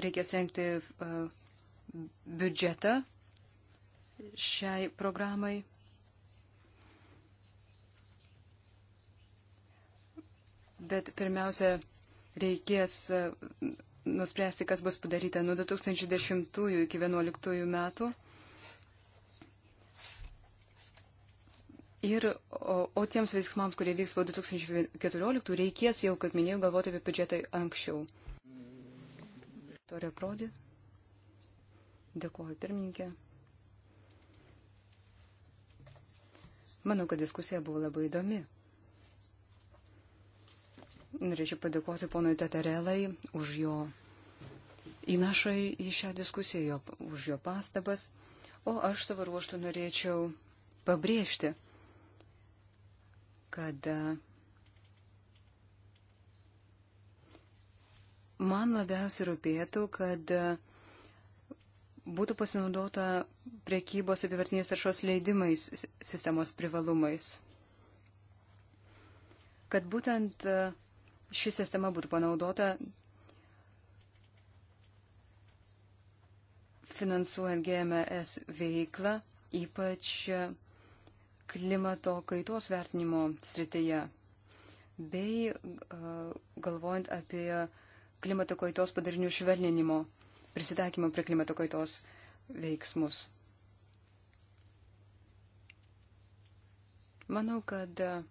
reikės rengti e, biudžetą šiai programai. Bet pirmiausia, reikės e, nuspręsti, kas bus padaryta nuo 2010 iki 2011 metų. Ir, o, o tiems veiksmams, kurie vyks po 2014, reikės jau, kaip minėjau, galvoti apie biudžetą anksčiau. Torė Prodi. Dėkuoju pirmininkė. Manau, kad diskusija buvo labai įdomi. Norėčiau padėkoti ponui Tatarelai už jo įnašą į šią diskusiją, jo, už jo pastabas. O aš savo ruoštų norėčiau pabrėžti, kad Man labiausiai rūpėtų, kad e, būtų pasinaudota priekybos apivartinės taršos leidimais sistemos privalumais. Kad būtent e, ši sistema būtų panaudota finansuojant GMS veiklą, ypač e, klimato kaitos vertinimo srityje, bei galvojant apie klimato kaitos padarinių švelninimo, prisitaikymo prie klimato kaitos veiksmus. Manau, kad uh,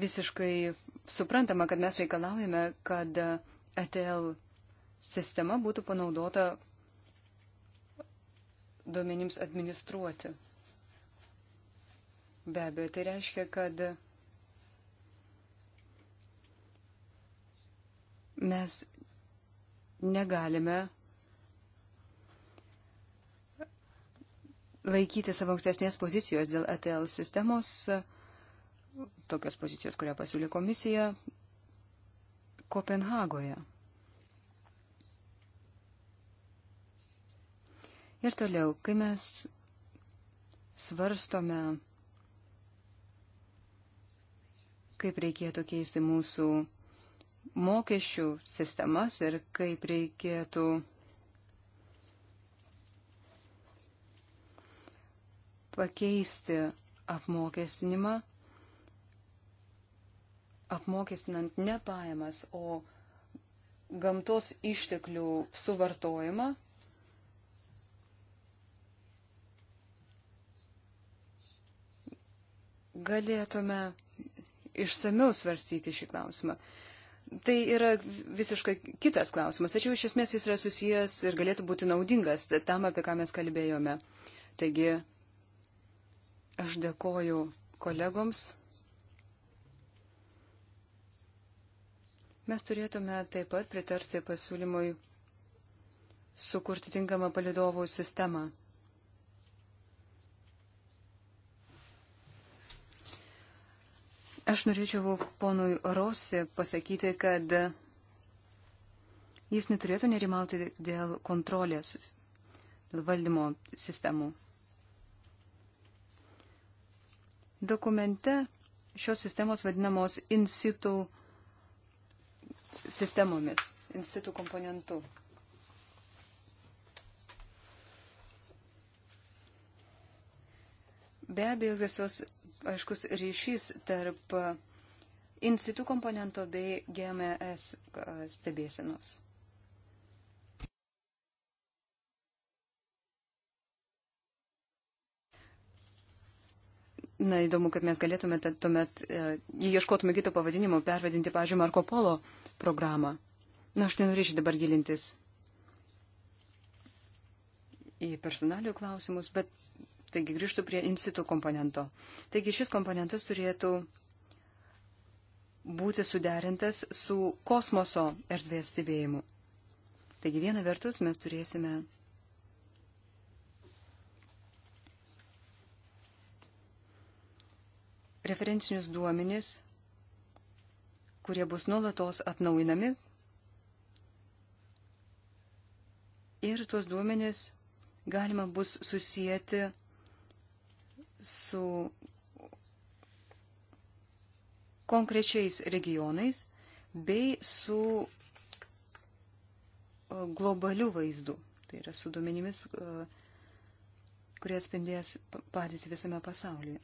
visiškai suprantama, kad mes reikalaujame, kad uh, ETL sistema būtų panaudota duomenims administruoti. Be abejo, tai reiškia, kad mes negalime laikyti savo ankstesnės pozicijos dėl ATL sistemos, tokios pozicijos, kurią pasiūlė komisija Kopenhagoje. Ir toliau, kai mes svarstome kaip reikėtų keisti mūsų mokesčių sistemas ir kaip reikėtų pakeisti apmokestinimą, apmokestinant ne pajamas, o gamtos išteklių suvartojimą galėtume išsamiau svarstyti šį klausimą. Tai yra visiškai kitas klausimas, tačiau iš esmės jis yra susijęs ir galėtų būti naudingas tam, apie ką mes kalbėjome. Taigi, aš dėkoju kolegoms. Mes turėtume taip pat pritarti pasiūlymui sukurti tinkamą palidovų sistemą. Aš norėčiau ponui Rosi pasakyti, kad jis neturėtų nerimauti dėl kontrolės, dėl valdymo sistemų. Dokumente šios sistemos vadinamos in situ sistemomis, in situ komponentu. Be abejo, visos aiškus ryšys tarp institu komponento bei GMS stebėsenos. Na, įdomu, kad mes galėtume tuomet, jei ieškotume kito pavadinimo, pervadinti, pavyzdžiui, Marko Polo programą. Na, aš nenorėčiau dabar gilintis į personalių klausimus, bet Taigi grįžtų prie institu komponento. Taigi šis komponentas turėtų būti suderintas su kosmoso erdvės stebėjimu. Taigi viena vertus mes turėsime referencinius duomenis, kurie bus nuolatos atnaujinami ir tuos duomenis galima bus susijęti su konkrečiais regionais bei su e, globaliu vaizdu. Tai yra su duomenimis, e, kurie atspindės padėti visame pasaulyje.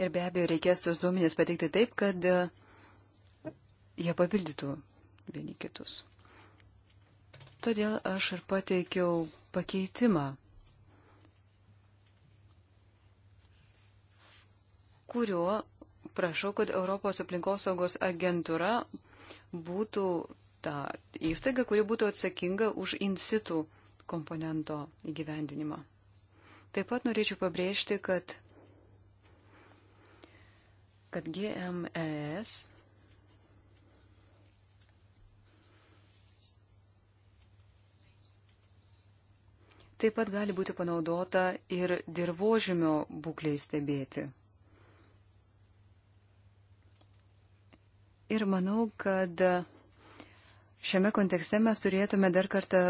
Ir be abejo, reikės tos duomenys pateikti taip, kad e, jie papildytų vieni kitus. Todėl aš ir pateikiau pakeitimą, kuriuo prašau, kad Europos aplinkosaugos agentūra būtų ta įstaiga, kuri būtų atsakinga už insitų komponento įgyvendinimą. Taip pat norėčiau pabrėžti, kad, kad GMES taip pat gali būti panaudota ir dirbožimio būklei stebėti. Ir manau, kad šiame kontekste mes turėtume dar kartą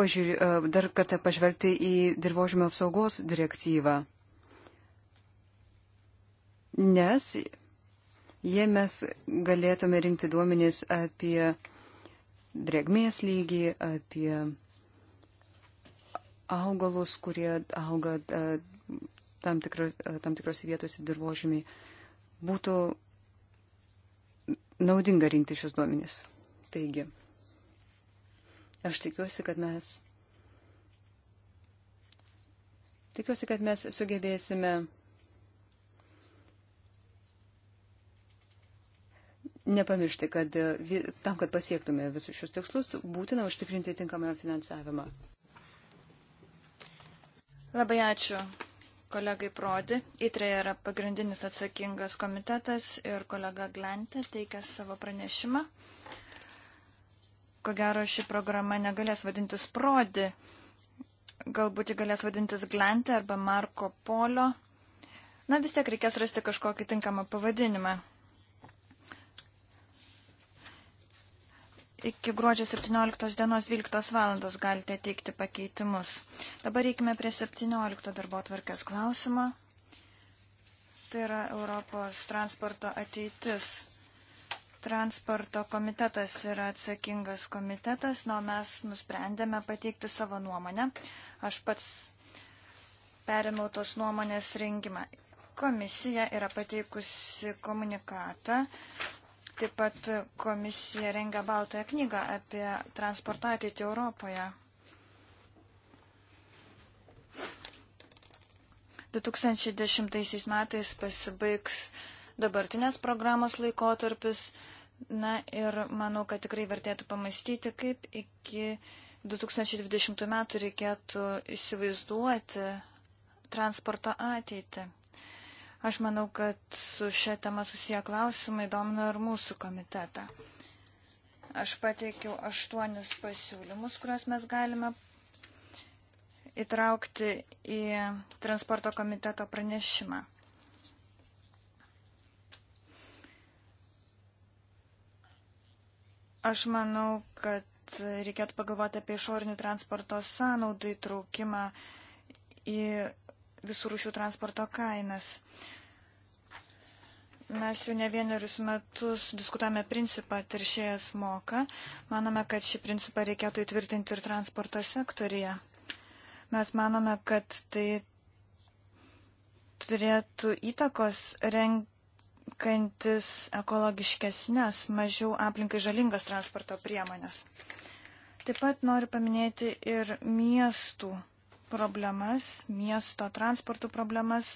pažiūrė, e, dar kartą pažvelgti į dirbožimio apsaugos direktyvą, nes jie mes galėtume rinkti duomenys apie drėgmės lygį, apie augalus, kurie auga e, tam, tikro, e, tam tikrose vietose dirbožymiai. Būtų naudinga rinkti šios duomenys. Taigi, aš tikiuosi, kad mes. Tikiuosi, kad mes sugebėsime nepamiršti, kad e, tam, kad pasiektume visus šios tikslus, būtina užtikrinti tinkamą finansavimą. Labai ačiū kolegai Prodi. ITRE yra pagrindinis atsakingas komitetas ir kolega Glantė teikia savo pranešimą. Ko gero, ši programa negalės vadintis Prodi. Galbūt ji galės vadintis Glantė arba Marko Polio. Na, vis tiek reikės rasti kažkokį tinkamą pavadinimą. Iki gruodžio 17 dienos 12 valandos galite teikti pakeitimus. Dabar reikime prie 17 darbo tvarkės klausimą. Tai yra Europos transporto ateitis transporto komitetas yra atsakingas komitetas, nuo mes nusprendėme pateikti savo nuomonę. Aš pats perėmiau tos nuomonės rengimą. Komisija yra pateikusi komunikatą Taip pat komisija rengia baltąją knygą apie transporto ateitį Europoje. 2010 metais pasibaigs dabartinės programos laikotarpis. Na ir manau, kad tikrai vertėtų pamastyti, kaip iki 2020 metų reikėtų įsivaizduoti transporto ateitį. Aš manau, kad su šia tema susiję klausimai domina ir mūsų komitetą. Aš pateikiau aštuonis pasiūlymus, kuriuos mes galime įtraukti į transporto komiteto pranešimą. Aš manau, kad reikėtų pagalvoti apie išorinių transporto sąnaudų įtraukimą į visų rūšių transporto kainas. Mes jau ne vienerius metus diskutame principą teršėjas moka. Manome, kad šį principą reikėtų įtvirtinti ir transporto sektorija. Mes manome, kad tai turėtų įtakos renkantis ekologiškesnės, mažiau aplinkai žalingas transporto priemonės. Taip pat noriu paminėti ir miestų problemas, miesto transportų problemas.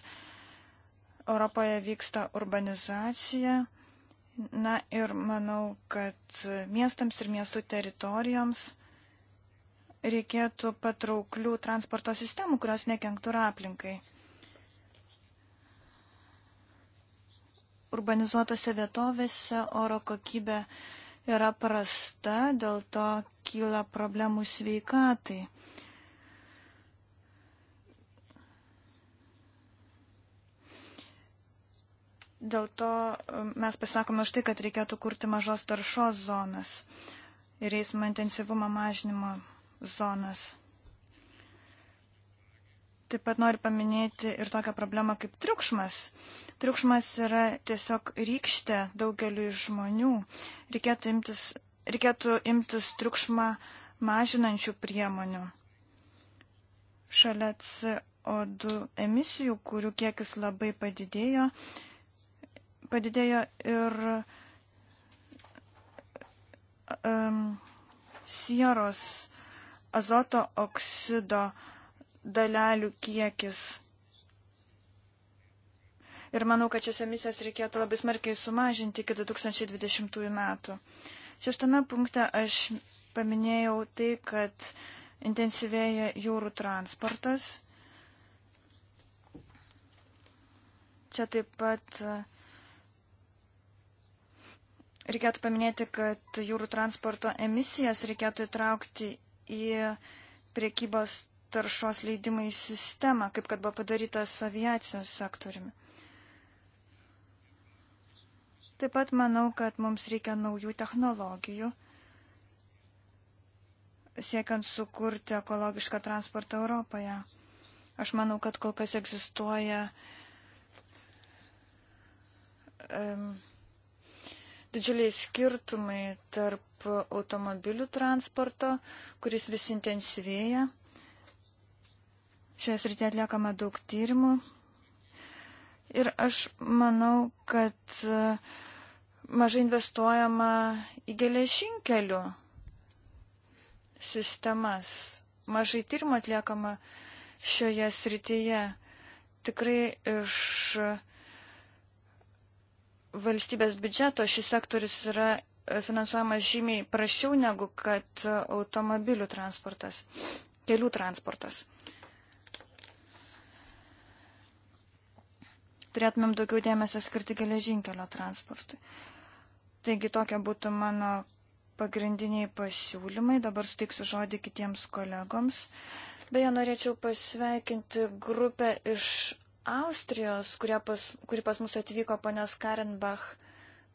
Europoje vyksta urbanizacija. Na ir manau, kad miestams ir miestų teritorijoms reikėtų patrauklių transporto sistemų, kurios nekenktų ir aplinkai. Urbanizuotose vietovėse oro kokybė yra prasta, dėl to kyla problemų sveikatai. Dėl to um, mes pasakome už tai, kad reikėtų kurti mažos taršos zonas ir eismo intensyvumo mažinimo zonas. Taip pat noriu paminėti ir tokią problemą kaip triukšmas. Triukšmas yra tiesiog rykštė daugeliu žmonių. Reikėtų imtis, reikėtų imtis triukšmą mažinančių priemonių. Šalia CO2 emisijų, kurių kiekis labai padidėjo, uh, padidėjo ir um, sieros azoto oksido dalelių kiekis. Ir manau, kad šias emisijas reikėtų labai smarkiai sumažinti iki 2020 metų. Šeštame punkte aš paminėjau tai, kad intensyvėja jūrų transportas. Čia taip pat uh, Reikėtų paminėti, kad jūrų transporto emisijas reikėtų įtraukti į priekybos taršos leidimai sistemą, kaip kad buvo padaryta su aviacijos sektoriumi. Taip pat manau, kad mums reikia naujų technologijų, siekiant sukurti ekologišką transportą Europoje. Aš manau, kad kol kas egzistuoja um, didžiuliai skirtumai tarp automobilių transporto, kuris vis intensyvėja. Šioje srityje atliekama daug tyrimų. Ir aš manau, kad e, mažai investuojama į geležinkelių sistemas. Mažai tyrimų atliekama šioje srityje. Tikrai iš valstybės biudžeto šis sektorius yra e, finansuojamas žymiai prašiau negu kad automobilių transportas, kelių transportas. Turėtumėm daugiau dėmesio skirti geležinkelio transportui. Taigi tokie būtų mano pagrindiniai pasiūlymai. Dabar suteiksiu žodį kitiems kolegoms. Beje, norėčiau pasveikinti grupę iš Austrijos, pas, kuri pas mus atvyko ponios Karenbach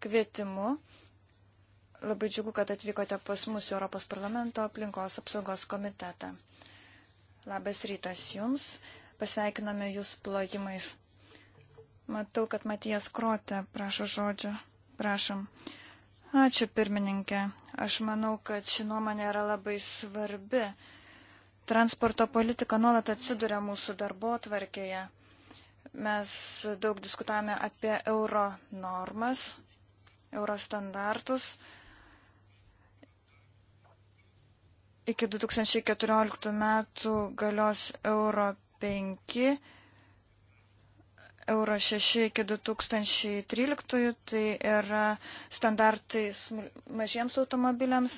kvietimu. Labai džiugu, kad atvykote pas mus Europos parlamento aplinkos apsaugos komitetą. Labas rytas Jums, pasveikiname Jūs plojimais. Matau, kad Matijas Krote prašo žodžio. Prašom. Ačiū pirmininkė. Aš manau, kad ši nuomonė yra labai svarbi. Transporto politika nuolat atsiduria mūsų darbo tvarkėje. Mes daug diskutavome apie euro normas, euro standartus. Iki 2014 metų galios euro 5, euro 6 iki 2013, tai yra standartai mažiems automobiliams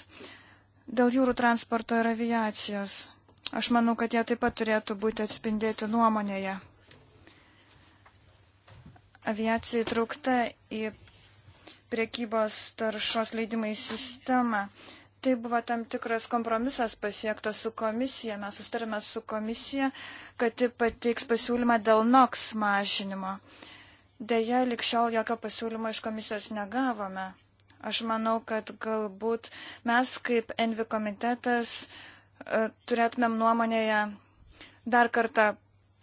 dėl jūrų transporto ir aviacijos. Aš manau, kad jie taip pat turėtų būti atspindėti nuomonėje aviacija įtraukta į priekybos taršos leidimai sistemą. Tai buvo tam tikras kompromisas pasiektas su komisija. Mes sustarėme su komisija, kad ji pateiks pasiūlymą dėl NOX mažinimo. Deja, likščiol jokio pasiūlymo iš komisijos negavome. Aš manau, kad galbūt mes kaip Envi komitetas e, turėtumėm nuomonėje dar kartą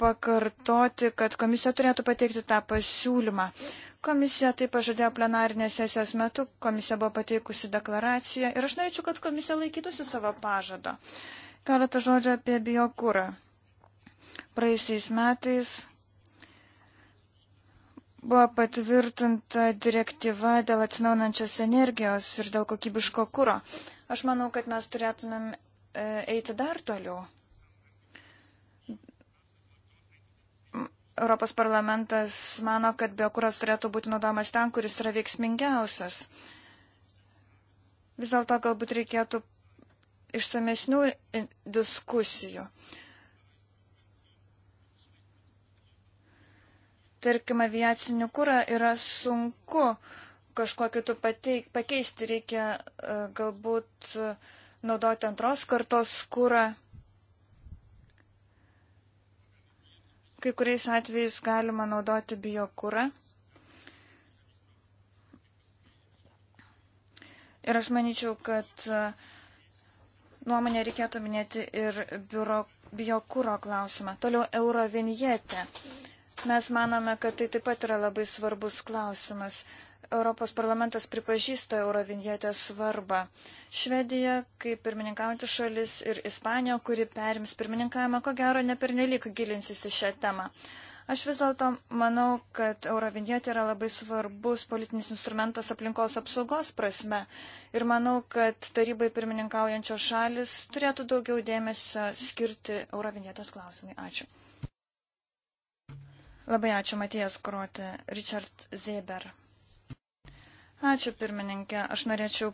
pakartoti, kad komisija turėtų pateikti tą pasiūlymą. Komisija tai pažadėjo plenarinės sesijos metu, komisija buvo pateikusi deklaraciją ir aš norėčiau, kad komisija laikytųsi savo pažado. Keletą žodžių apie biokūrą. Praėjusiais metais buvo patvirtinta direktyva dėl atsinaunančios energijos ir dėl kokybiško kūro. Aš manau, kad mes turėtumėm e, eiti dar toliau. Europos parlamentas mano, kad biokuras turėtų būti naudojamas ten, kuris yra veiksmingiausias. Vis dėlto galbūt reikėtų išsamesnių diskusijų. Tarkim, aviacinį kūrą yra sunku kažkuo kitų pakeisti, reikia e, galbūt e, naudoti antros kartos kūrą. Kai kuriais atvejais galima naudoti biokūrą. Ir aš manyčiau, kad e, nuomonė reikėtų minėti ir biuro, biokūro klausimą. Toliau eurovinietė. Mes manome, kad tai taip pat yra labai svarbus klausimas. Europos parlamentas pripažįsta Eurovinietės svarbą. Švedija, kaip pirmininkaujanti šalis, ir Ispanija, kuri perims pirmininkavimą, ko gero nepernelyg gilinsis į šią temą. Aš vis dėlto manau, kad Eurovinietė yra labai svarbus politinis instrumentas aplinkos apsaugos prasme ir manau, kad tarybai pirmininkaujančios šalis turėtų daugiau dėmesio skirti Eurovinietės klausimai. Ačiū. Labai ačiū Matijas Kruotė, Richard Zeber. Ačiū pirmininkė. Aš norėčiau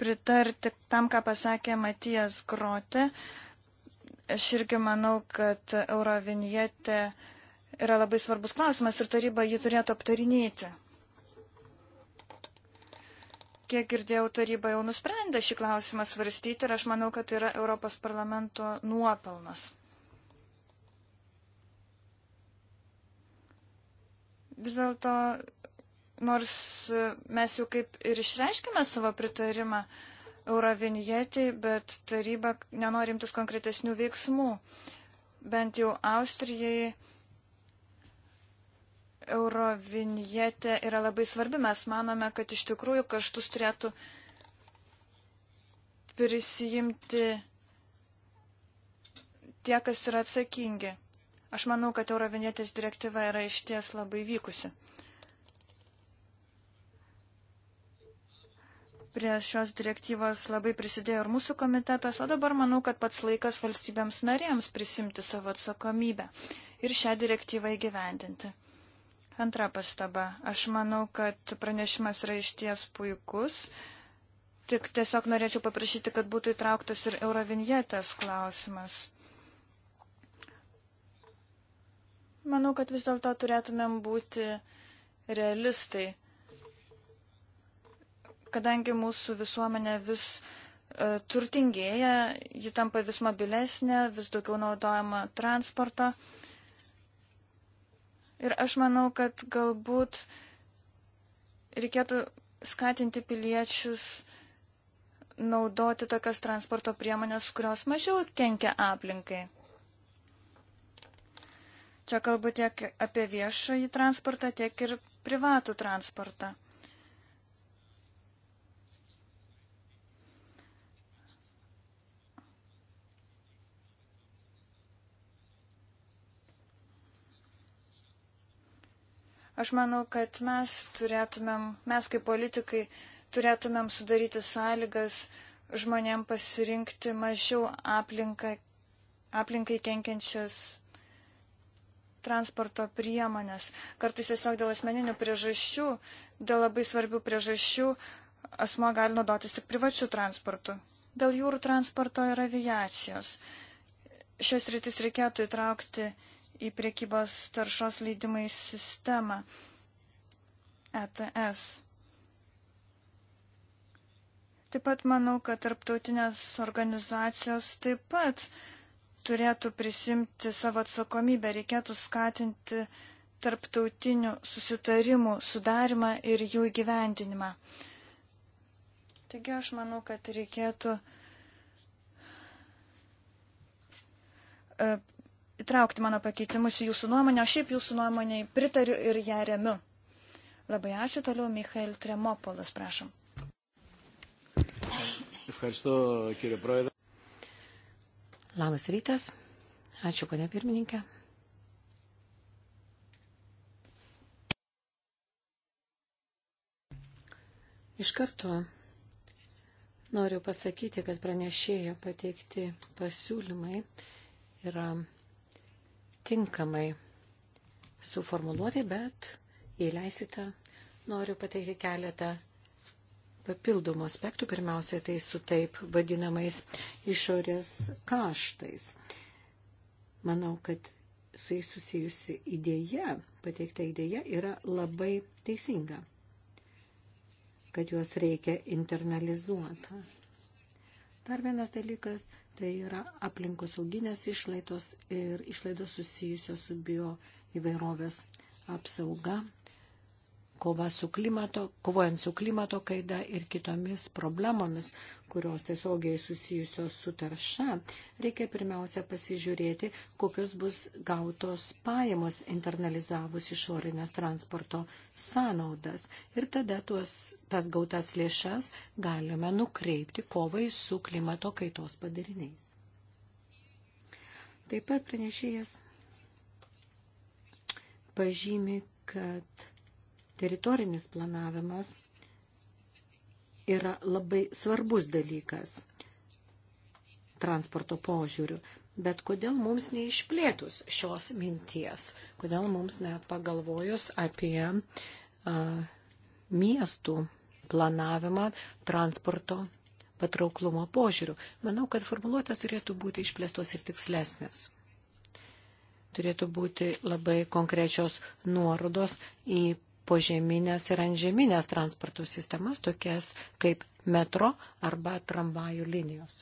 pritarti tam, ką pasakė Matijas Grote. Aš irgi manau, kad Eurovinietė yra labai svarbus klausimas ir taryba jį turėtų aptarinėti. Kiek girdėjau, taryba jau nusprendė šį klausimą svarstyti ir aš manau, kad tai yra Europos parlamento nuopelnas. Vis dėlto nors e, mes jau kaip ir išreiškime savo pritarimą Eurovinietei, bet taryba nenorimtis konkretesnių veiksmų. Bent jau Austrijai Eurovinietė yra labai svarbi. Mes manome, kad iš tikrųjų kaštus turėtų prisijimti tie, kas yra atsakingi. Aš manau, kad Eurovinietės direktyva yra išties labai vykusi. prie šios direktyvos labai prisidėjo ir mūsų komitetas, o dabar manau, kad pats laikas valstybėms narėms prisimti savo atsakomybę ir šią direktyvą įgyvendinti. Antra pastaba. Aš manau, kad pranešimas yra išties puikus. Tik tiesiog norėčiau paprašyti, kad būtų įtrauktas ir eurovinietės klausimas. Manau, kad vis dėlto turėtumėm būti realistai kadangi mūsų visuomenė vis e, turtingėja, ji tampa vis mobilesnė, vis daugiau naudojama transporto. Ir aš manau, kad galbūt reikėtų skatinti piliečius naudoti tokias transporto priemonės, kurios mažiau kenkia aplinkai. Čia kalbu tiek apie viešąjį transportą, tiek ir privatų transportą. Aš manau, kad mes turėtumėm, mes kaip politikai, turėtumėm sudaryti sąlygas žmonėm pasirinkti mažiau aplinką, aplinkai kenkiančias transporto priemonės. Kartais tiesiog dėl asmeninių priežasčių, dėl labai svarbių priežasčių asmo gali naudotis tik privačių transportų. Dėl jūrų transporto ir aviacijos. Šios rytis reikėtų įtraukti į priekybos taršos leidimai sistemą ETS. Taip pat manau, kad tarptautinės organizacijos taip pat turėtų prisimti savo atsakomybę, reikėtų skatinti tarptautinių susitarimų sudarimą ir jų įgyvendinimą. Taigi aš manau, kad reikėtų e, įtraukti mano pakeitimus į jūsų nuomonę, o šiaip jūsų nuomonėj pritariu ir ją remiu. Labai ačiū toliau, Michael Tremopolas, prašom. Ευχαριστώ κύριε Πρόεδρε. Labas rytas. Ačiū, ponia pirmininkė. Iš karto noriu pasakyti, kad pranešėjo pateikti pasiūlymai yra tinkamai suformuluoti, bet įleisite, noriu pateikti keletą papildomų aspektų. Pirmiausia, tai su taip vadinamais išorės kaštais. Manau, kad su jais susijusi idėja, pateikta idėja yra labai teisinga, kad juos reikia internalizuoti. Dar vienas dalykas Tai yra aplinkosauginės išlaidos ir išlaidos susijusios su bio įvairovės apsauga kova su klimato, kovojant su klimato kaida ir kitomis problemomis, kurios tiesiogiai susijusios su tarša, reikia pirmiausia pasižiūrėti, kokios bus gautos pajamos internalizavus išorinės transporto sąnaudas. Ir tada tuos, tas gautas lėšas galime nukreipti kovai su klimato kaitos padariniais. Taip pat pranešėjas pažymi, kad Teritorinis planavimas yra labai svarbus dalykas transporto požiūrių. Bet kodėl mums neišplėtus šios minties, kodėl mums net pagalvojus apie a, miestų planavimą transporto patrauklumo požiūrių. Manau, kad formuluotės turėtų būti išplėstos ir tikslesnės. Turėtų būti labai konkrečios nuorodos į požeminės ir antžeminės transportų sistemas, tokias kaip metro arba tramvajų linijos.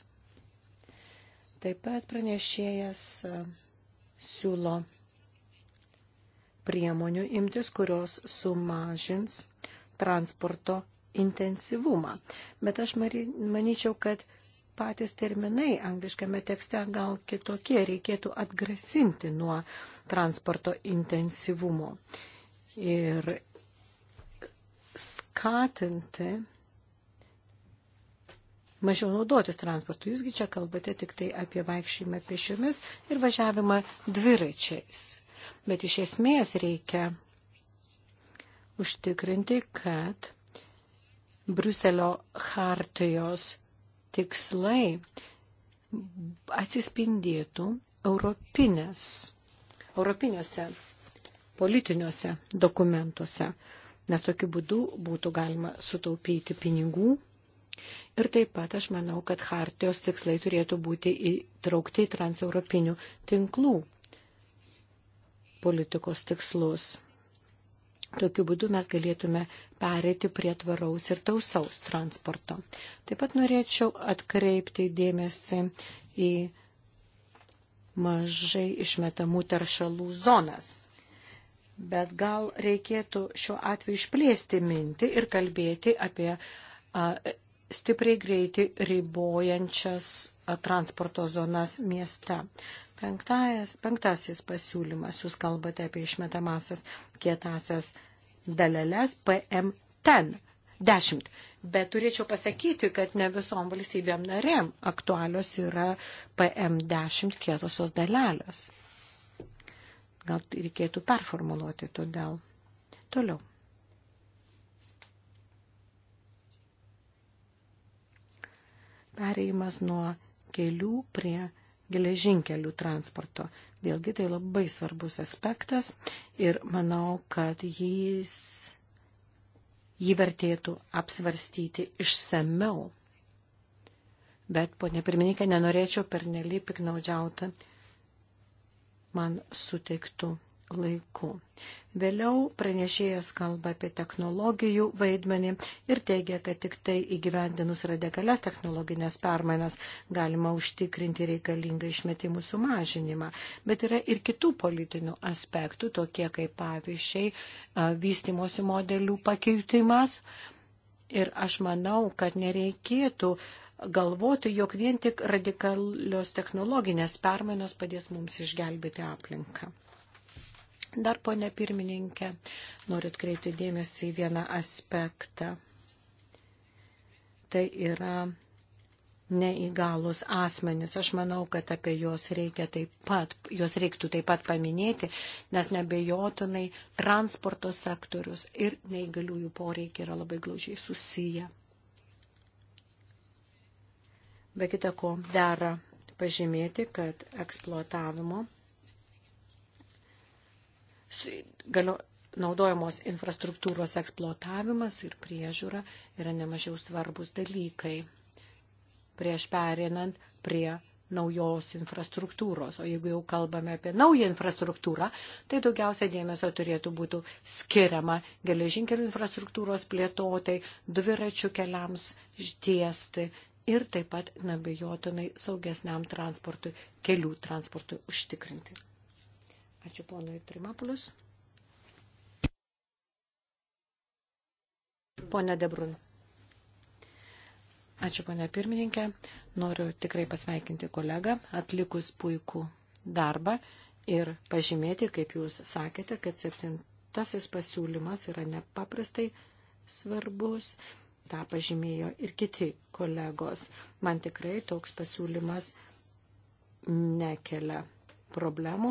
Taip pat pranešėjas e, siūlo priemonių imtis, kurios sumažins transporto intensyvumą. Bet aš manyčiau, kad patys terminai angliškame tekste gal kitokie, reikėtų atgrasinti nuo transporto intensyvumo. Ir skatinti mažiau naudotis transportu. Jūsgi čia kalbate tik tai apie vaikščiojimą pešiomis ir važiavimą dviračiais. Bet iš esmės reikia užtikrinti, kad Bruselio hartijos tikslai atsispindėtų europinės, europinėse politiniuose dokumentuose nes tokiu būdu būtų galima sutaupyti pinigų. Ir taip pat aš manau, kad hartijos tikslai turėtų būti įtraukti į transeuropinių tinklų politikos tikslus. Tokiu būdu mes galėtume pereiti prie tvaraus ir tausaus transporto. Taip pat norėčiau atkreipti dėmesį į mažai išmetamų teršalų zonas bet gal reikėtų šiuo atveju išplėsti mintį ir kalbėti apie a, stipriai greitį ribojančias a, transporto zonas mieste. Penktasis, penktasis pasiūlymas, jūs kalbate apie išmetamasias kietasias daleles PM10. 10. Bet turėčiau pasakyti, kad ne visom valstybėm narėm aktualios yra PM10 kietosios dalelės gal reikėtų performuluoti todėl. Toliau. Pereimas nuo kelių prie geležinkelių transporto. Vėlgi tai labai svarbus aspektas ir manau, kad jis, jį vertėtų apsvarstyti išsameu. Bet, ponė pirmininkė, nenorėčiau pernelyg piknaudžiauti man suteiktų laiku. Vėliau pranešėjas kalba apie technologijų vaidmenį ir teigia, kad tik tai įgyvendinus radikalias technologinės permainas galima užtikrinti reikalingą išmetimų sumažinimą. Bet yra ir kitų politinių aspektų, tokie kaip pavyzdžiai vystimosi modelių pakeitimas. Ir aš manau, kad nereikėtų uh, galvoti, jog vien tik radikalios technologinės permainos padės mums išgelbėti aplinką. Dar, ponė pirmininkė, noriu atkreipti dėmesį į vieną aspektą. Tai yra neįgalus asmenys. Aš manau, kad apie juos reikia taip pat, juos reiktų taip pat paminėti, nes nebejotinai transporto sektorius ir neįgaliųjų poreikiai yra labai glaužiai susiję. Be kita ko, dera pažymėti, kad eksploatavimo galio, naudojamos infrastruktūros eksploatavimas ir priežiūra yra nemažiau svarbus dalykai prieš perinant prie naujos infrastruktūros. O jeigu jau kalbame apie naują infrastruktūrą, tai daugiausia dėmesio turėtų būti skiriama geležinkelių infrastruktūros plėtotai, dviračių keliams tiesti ir taip pat nabejotinai saugesniam transportui, kelių transportui užtikrinti. Ačiū ponui Trimapulius. Pone Debrun. Ačiū, ponia pirmininkė. Noriu tikrai pasveikinti kolegą, atlikus puikų darbą ir pažymėti, kaip jūs sakėte, kad septintasis pasiūlymas yra nepaprastai svarbus tą pažymėjo ir kiti kolegos. Man tikrai toks pasiūlymas nekelia problemų.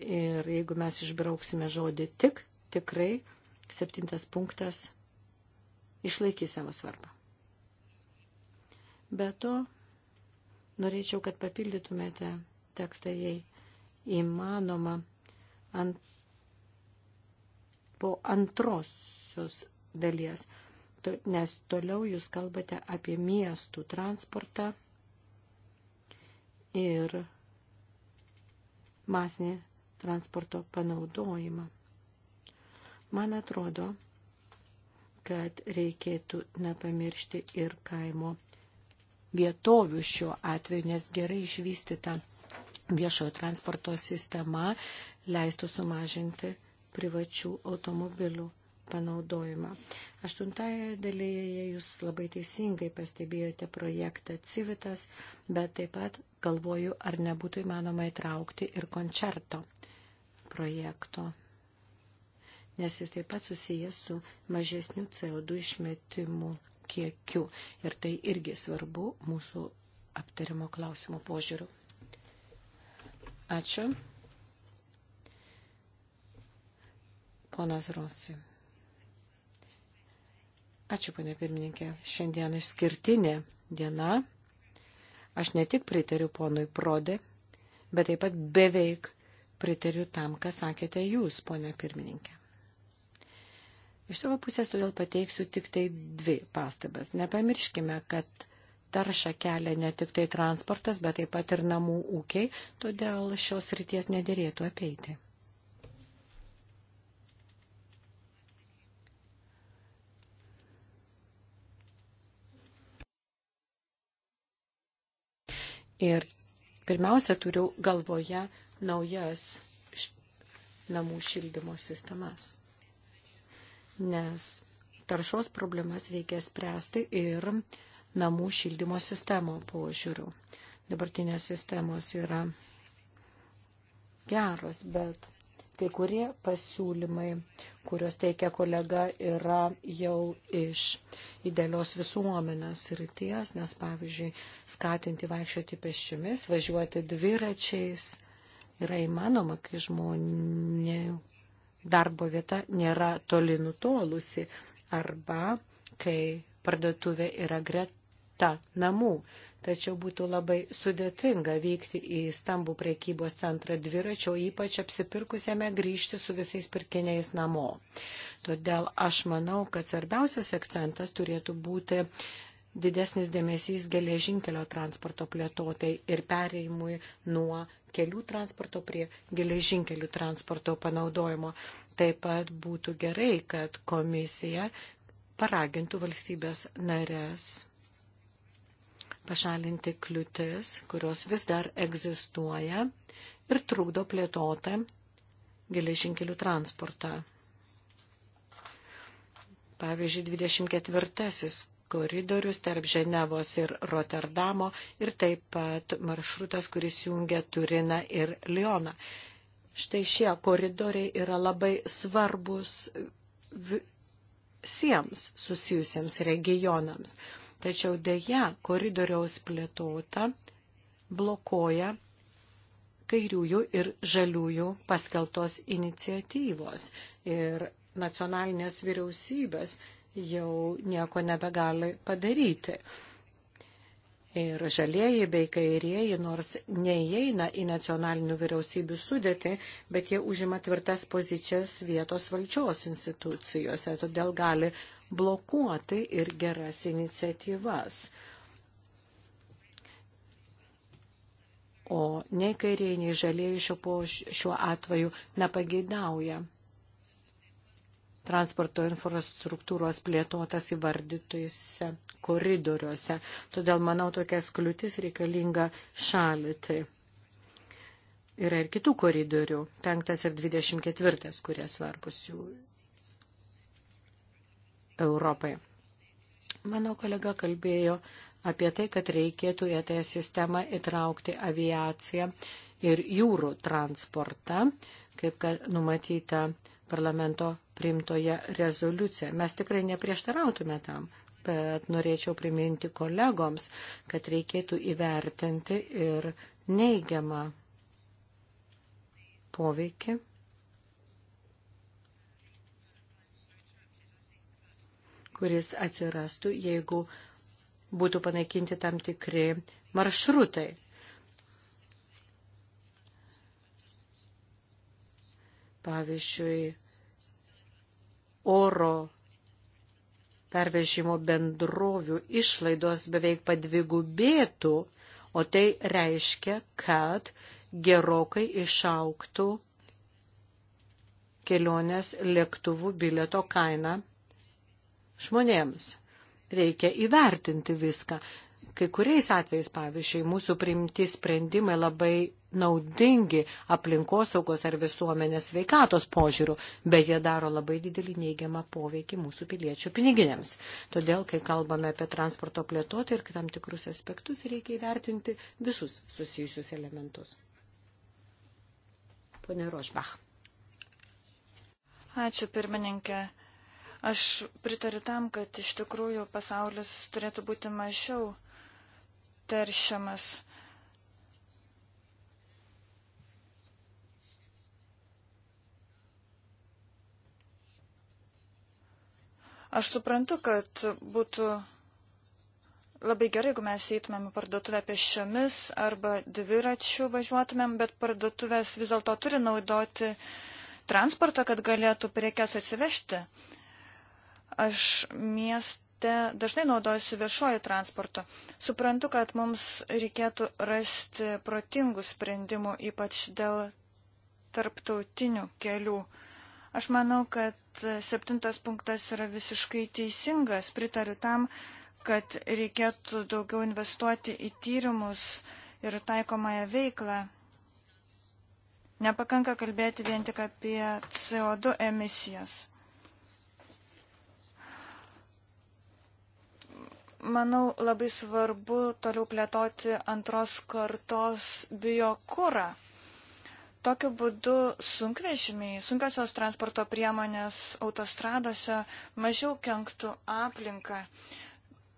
Ir jeigu mes išbrauksime žodį tik, tikrai septintas punktas išlaikys savo svarbą. Be to, norėčiau, kad papildytumėte tekstą, jei įmanoma, ant, po antrosios dalies to, nes toliau jūs kalbate apie miestų transportą ir masinį transporto panaudojimą. Man atrodo, kad reikėtų nepamiršti ir kaimo vietovių šiuo atveju, nes gerai išvystyta viešojo transporto sistema leistų sumažinti privačių automobilių panaudojimą. Aštuntoje dalyje jūs labai teisingai pastebėjote projektą Civitas, bet taip pat galvoju, ar nebūtų įmanoma įtraukti ir koncerto projekto, nes jis taip pat susijęs su mažesniu CO2 išmetimu kiekiu ir tai irgi svarbu mūsų aptarimo klausimo požiūriu. Ačiū. Ponas Rosi. Ačiū, ponė pirmininkė. Šiandien išskirtinė diena. Aš ne tik pritariu ponui Prodė, bet taip pat beveik pritariu tam, ką sakėte jūs, ponė pirmininkė. Iš savo pusės todėl pateiksiu tik tai dvi pastabas. Nepamirškime, kad taršą kelia ne tik tai transportas, bet taip pat ir namų ūkiai, todėl šios ryties nedėrėtų apeiti. Ir pirmiausia, turiu galvoje naujas namų šildymo sistemas. Nes taršos problemas reikia spręsti ir namų šildymo sistemo požiūrių. Dabartinės sistemos yra geros, bet Kai kurie pasiūlymai, kuriuos teikia kolega, yra jau iš idealios visuomenės ryties, nes pavyzdžiui, skatinti vaikščioti pėsčiomis, važiuoti dviračiais yra įmanoma, kai žmonių darbo vieta nėra toli nutolusi arba kai parduotuvė yra greta namų tačiau būtų labai sudėtinga vykti į stambų prekybos centrą dviračio, ypač apsipirkusiame grįžti su visais pirkiniais namo. Todėl aš manau, kad svarbiausias akcentas turėtų būti didesnis dėmesys geležinkelio transporto plėtotai ir pereimui nuo kelių transporto prie geležinkelių transporto panaudojimo. Taip pat būtų gerai, kad komisija paragintų valstybės narės pašalinti kliūtis, kurios vis dar egzistuoja ir trukdo plėtoti geležinkelių transportą. Pavyzdžiui, 24 koridorius tarp Ženevos ir Rotterdamo ir taip pat maršrutas, kuris jungia Turiną ir Lioną. Štai šie koridoriai yra labai svarbus visiems susijusiems regionams tačiau dėja koridoriaus plėtota blokuoja kairiųjų ir žaliųjų paskeltos iniciatyvos. Ir nacionalinės vyriausybės jau nieko nebegali padaryti. Ir žalieji bei kairieji, nors neįeina į nacionalinių vyriausybių sudėtį, bet jie užima tvirtas pozicijas vietos valdžios institucijose, todėl gali blokuoti ir geras iniciatyvas. O nei kairiai, nei žalieji šiuo, šiuo atveju nepageidauja transporto infrastruktūros plėtotas įvardytuose koridoriuose. Todėl, manau, tokias kliūtis reikalinga šalyti. Yra ir kitų koridorių, penktas ir dvidešimt ketvirtas, kurie svarbus jų Europai. Mano kolega kalbėjo apie tai, kad reikėtų į e tą sistemą įtraukti aviaciją ir jūrų transportą, kaip numatyta parlamento primtoje rezoliucijoje. Mes tikrai neprieštarautume tam, bet norėčiau priminti kolegoms, kad reikėtų įvertinti ir neigiamą poveikį kuris atsirastų, jeigu būtų panaikinti tam tikri maršrutai. Pavyzdžiui, oro pervežimo bendrovių išlaidos beveik padvigubėtų, o tai reiškia, kad gerokai išauktų kelionės lėktuvų bilieto kaina žmonėms. Reikia įvertinti viską. Kai kuriais atvejais, pavyzdžiui, mūsų priimti sprendimai labai naudingi aplinkosaugos ar visuomenės veikatos požiūrių, bet jie daro labai didelį neigiamą poveikį mūsų piliečių piniginėms. Todėl, kai kalbame apie transporto plėtotą ir tam tikrus aspektus, reikia įvertinti visus susijusius elementus. Pone Rošbach. Ačiū pirmininkė. Aš pritariu tam, kad iš tikrųjų pasaulis turėtų būti mažiau teršiamas. Aš suprantu, kad būtų labai gerai, jeigu mes eitumėm į parduotuvę pešiomis arba dviračių važiuotumėm, bet parduotuvės vis dėlto turi naudoti transportą, kad galėtų priekes atsivežti. Uh, Aš mieste dažnai naudojusi viešuoju transportu. Suprantu, kad mums reikėtų rasti protingų sprendimų, ypač dėl tarptautinių kelių. Aš manau, kad septintas punktas yra visiškai teisingas. Pritariu tam, kad reikėtų daugiau investuoti į tyrimus ir taikomąją veiklą. Nepakanka kalbėti vien tik apie CO2 emisijas. manau, labai svarbu toliau plėtoti antros kartos biokūrą. Tokiu būdu sunkvežimiai, sunkiosios transporto priemonės autostradose mažiau kenktų aplinką.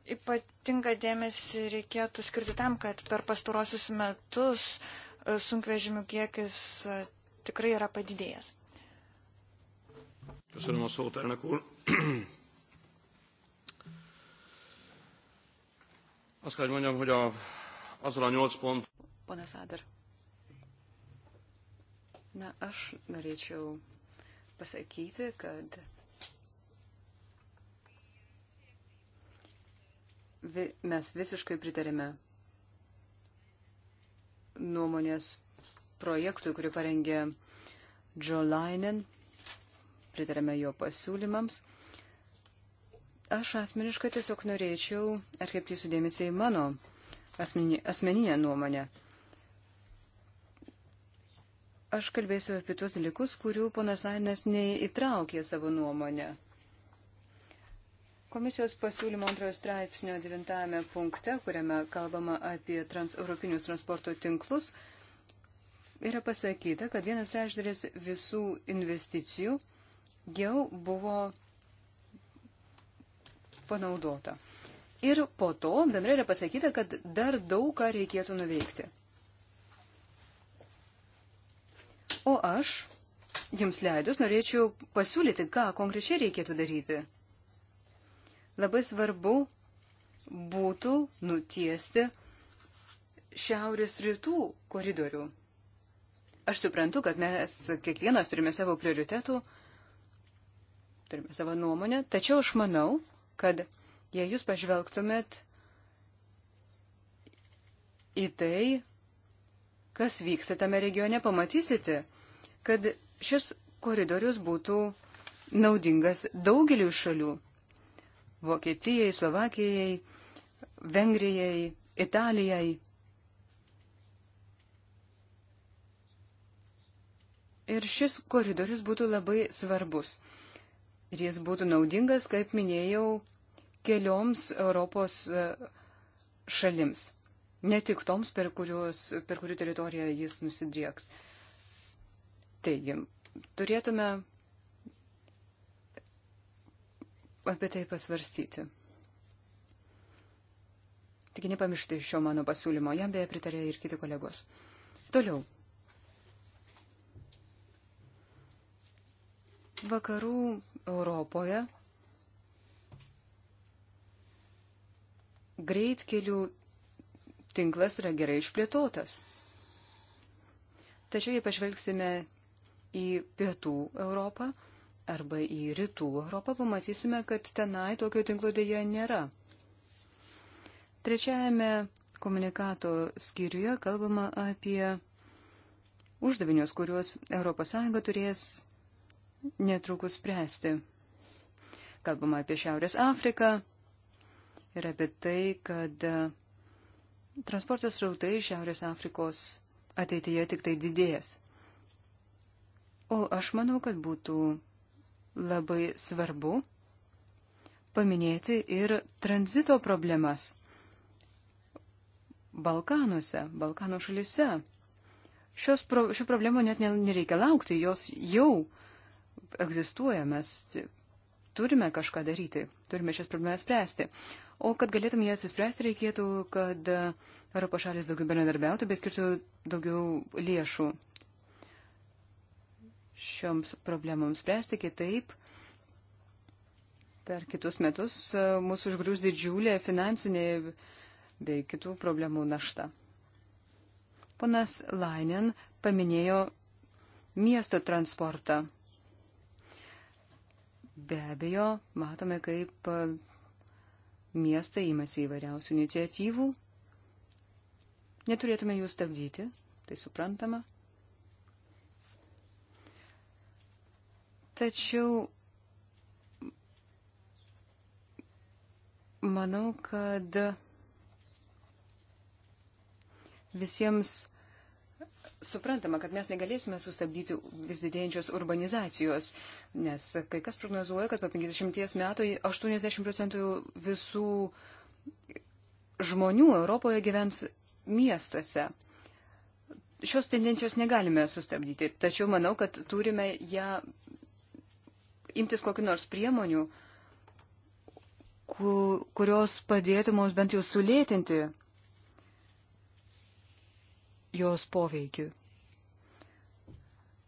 Ypatinga dėmesį reikėtų skirti tam, kad per pastarosius metus e, sunkvežimių kiekis e, tikrai yra padidėjęs. Köszönöm a szót, elnök úr. Azt kell, hogy mondjam, hogy a, azzal a nyolc pont... Ponas Adar. Na, aš norėčiau pasakyti, kad vi, mes visiškai pritarėme nuomonės projektui, kurį parengė Joe Lainen, pritarėme jo pasiūlymams. Aš asmeniškai tiesiog norėčiau atkreipti jūsų dėmesį į mano asmeni, asmeninę nuomonę. Aš kalbėsiu apie tuos dalykus, kurių ponas Lainas neįtraukė savo nuomonę. Komisijos pasiūlymo antrojo straipsnio devintame punkte, kuriame kalbama apie transeuropinius transporto tinklus, yra pasakyta, kad vienas trečdalis visų investicijų jau buvo panaudota. Ir po to bendrai yra pasakyta, kad dar daug ką reikėtų nuveikti. O aš, jums leidus, norėčiau pasiūlyti, ką konkrečiai reikėtų daryti. Labai svarbu būtų nutiesti šiaurės rytų koridorių. Aš suprantu, kad mes kiekvienas turime savo prioritetų, turime savo nuomonę, tačiau aš manau, kad jei jūs pažvelgtumėt į tai, kas vyksta tame regione, pamatysite, kad šis koridorius būtų naudingas daugeliu šalių - Vokietijai, Slovakijai, Vengrijai, Italijai. Ir šis koridorius būtų labai svarbus. Ir jis būtų naudingas, kaip minėjau, kelioms Europos e, šalims. Ne tik toms, per, kurios, per kurių teritoriją jis nusidrieks. Taigi, turėtume apie tai pasvarstyti. Tik nepamiršti šio mano pasiūlymo, jam beje pritarė ir kiti kolegos. Toliau. Vakarų Europoje greitkelių tinklas yra gerai išplėtotas. Tačiau jei pažvelgsime į pietų Europą arba į rytų Europą, pamatysime, kad tenai tokio tinklo dėja nėra. Trečiajame komunikato skyriuje kalbama apie uždavinius, kuriuos ES turės netrukus spręsti. Kalbama apie Šiaurės Afriką ir apie tai, kad e, transportas rautai Šiaurės Afrikos ateityje tik tai didės. O aš manau, kad būtų labai svarbu paminėti ir tranzito problemas Balkanuose, Balkanų šalyse. Šios pro, šių problemų net nereikia laukti, jos jau uh, egzistuoja, mes turime kažką daryti, turime šias problemas spręsti. O kad galėtum jas įspręsti, reikėtų, kad e, Europos šalis daugiau bendradarbiautų, bet skirtų daugiau lėšų šioms problemams spręsti kitaip. Per kitus metus e, mūsų užgrūž didžiulė finansinė bei kitų problemų našta. Ponas Lainin paminėjo miesto transportą. Be abejo, matome, kaip e, miestai įmasi įvairiausių iniciatyvų. Neturėtume jų stabdyti, tai suprantama. Tačiau manau, kad visiems suprantama, kad mes negalėsime sustabdyti vis didėjančios urbanizacijos, nes kai kas prognozuoja, kad po 50 metų 80 procentų visų žmonių Europoje gyvens miestuose. Šios tendencijos negalime sustabdyti, tačiau manau, kad turime ją imtis kokiu nors priemonių, kurios padėtų mums bent jau sulėtinti jos poveikiu.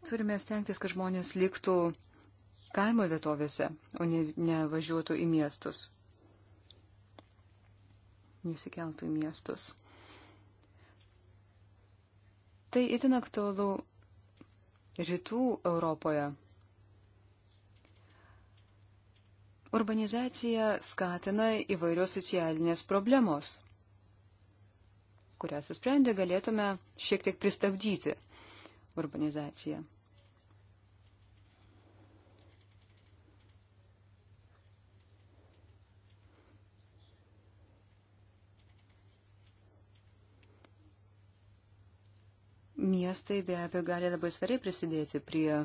Turime stengtis, kad žmonės liktų kaimo vietovėse, o ne, ne važiuotų į miestus. Nesikeltų į miestus. Tai itin aktualu rytų Europoje. Urbanizacija skatina įvairios socialinės problemos kurią susprendė, galėtume šiek tiek pristabdyti urbanizaciją. miestai be abejo gali labai svariai prisidėti prie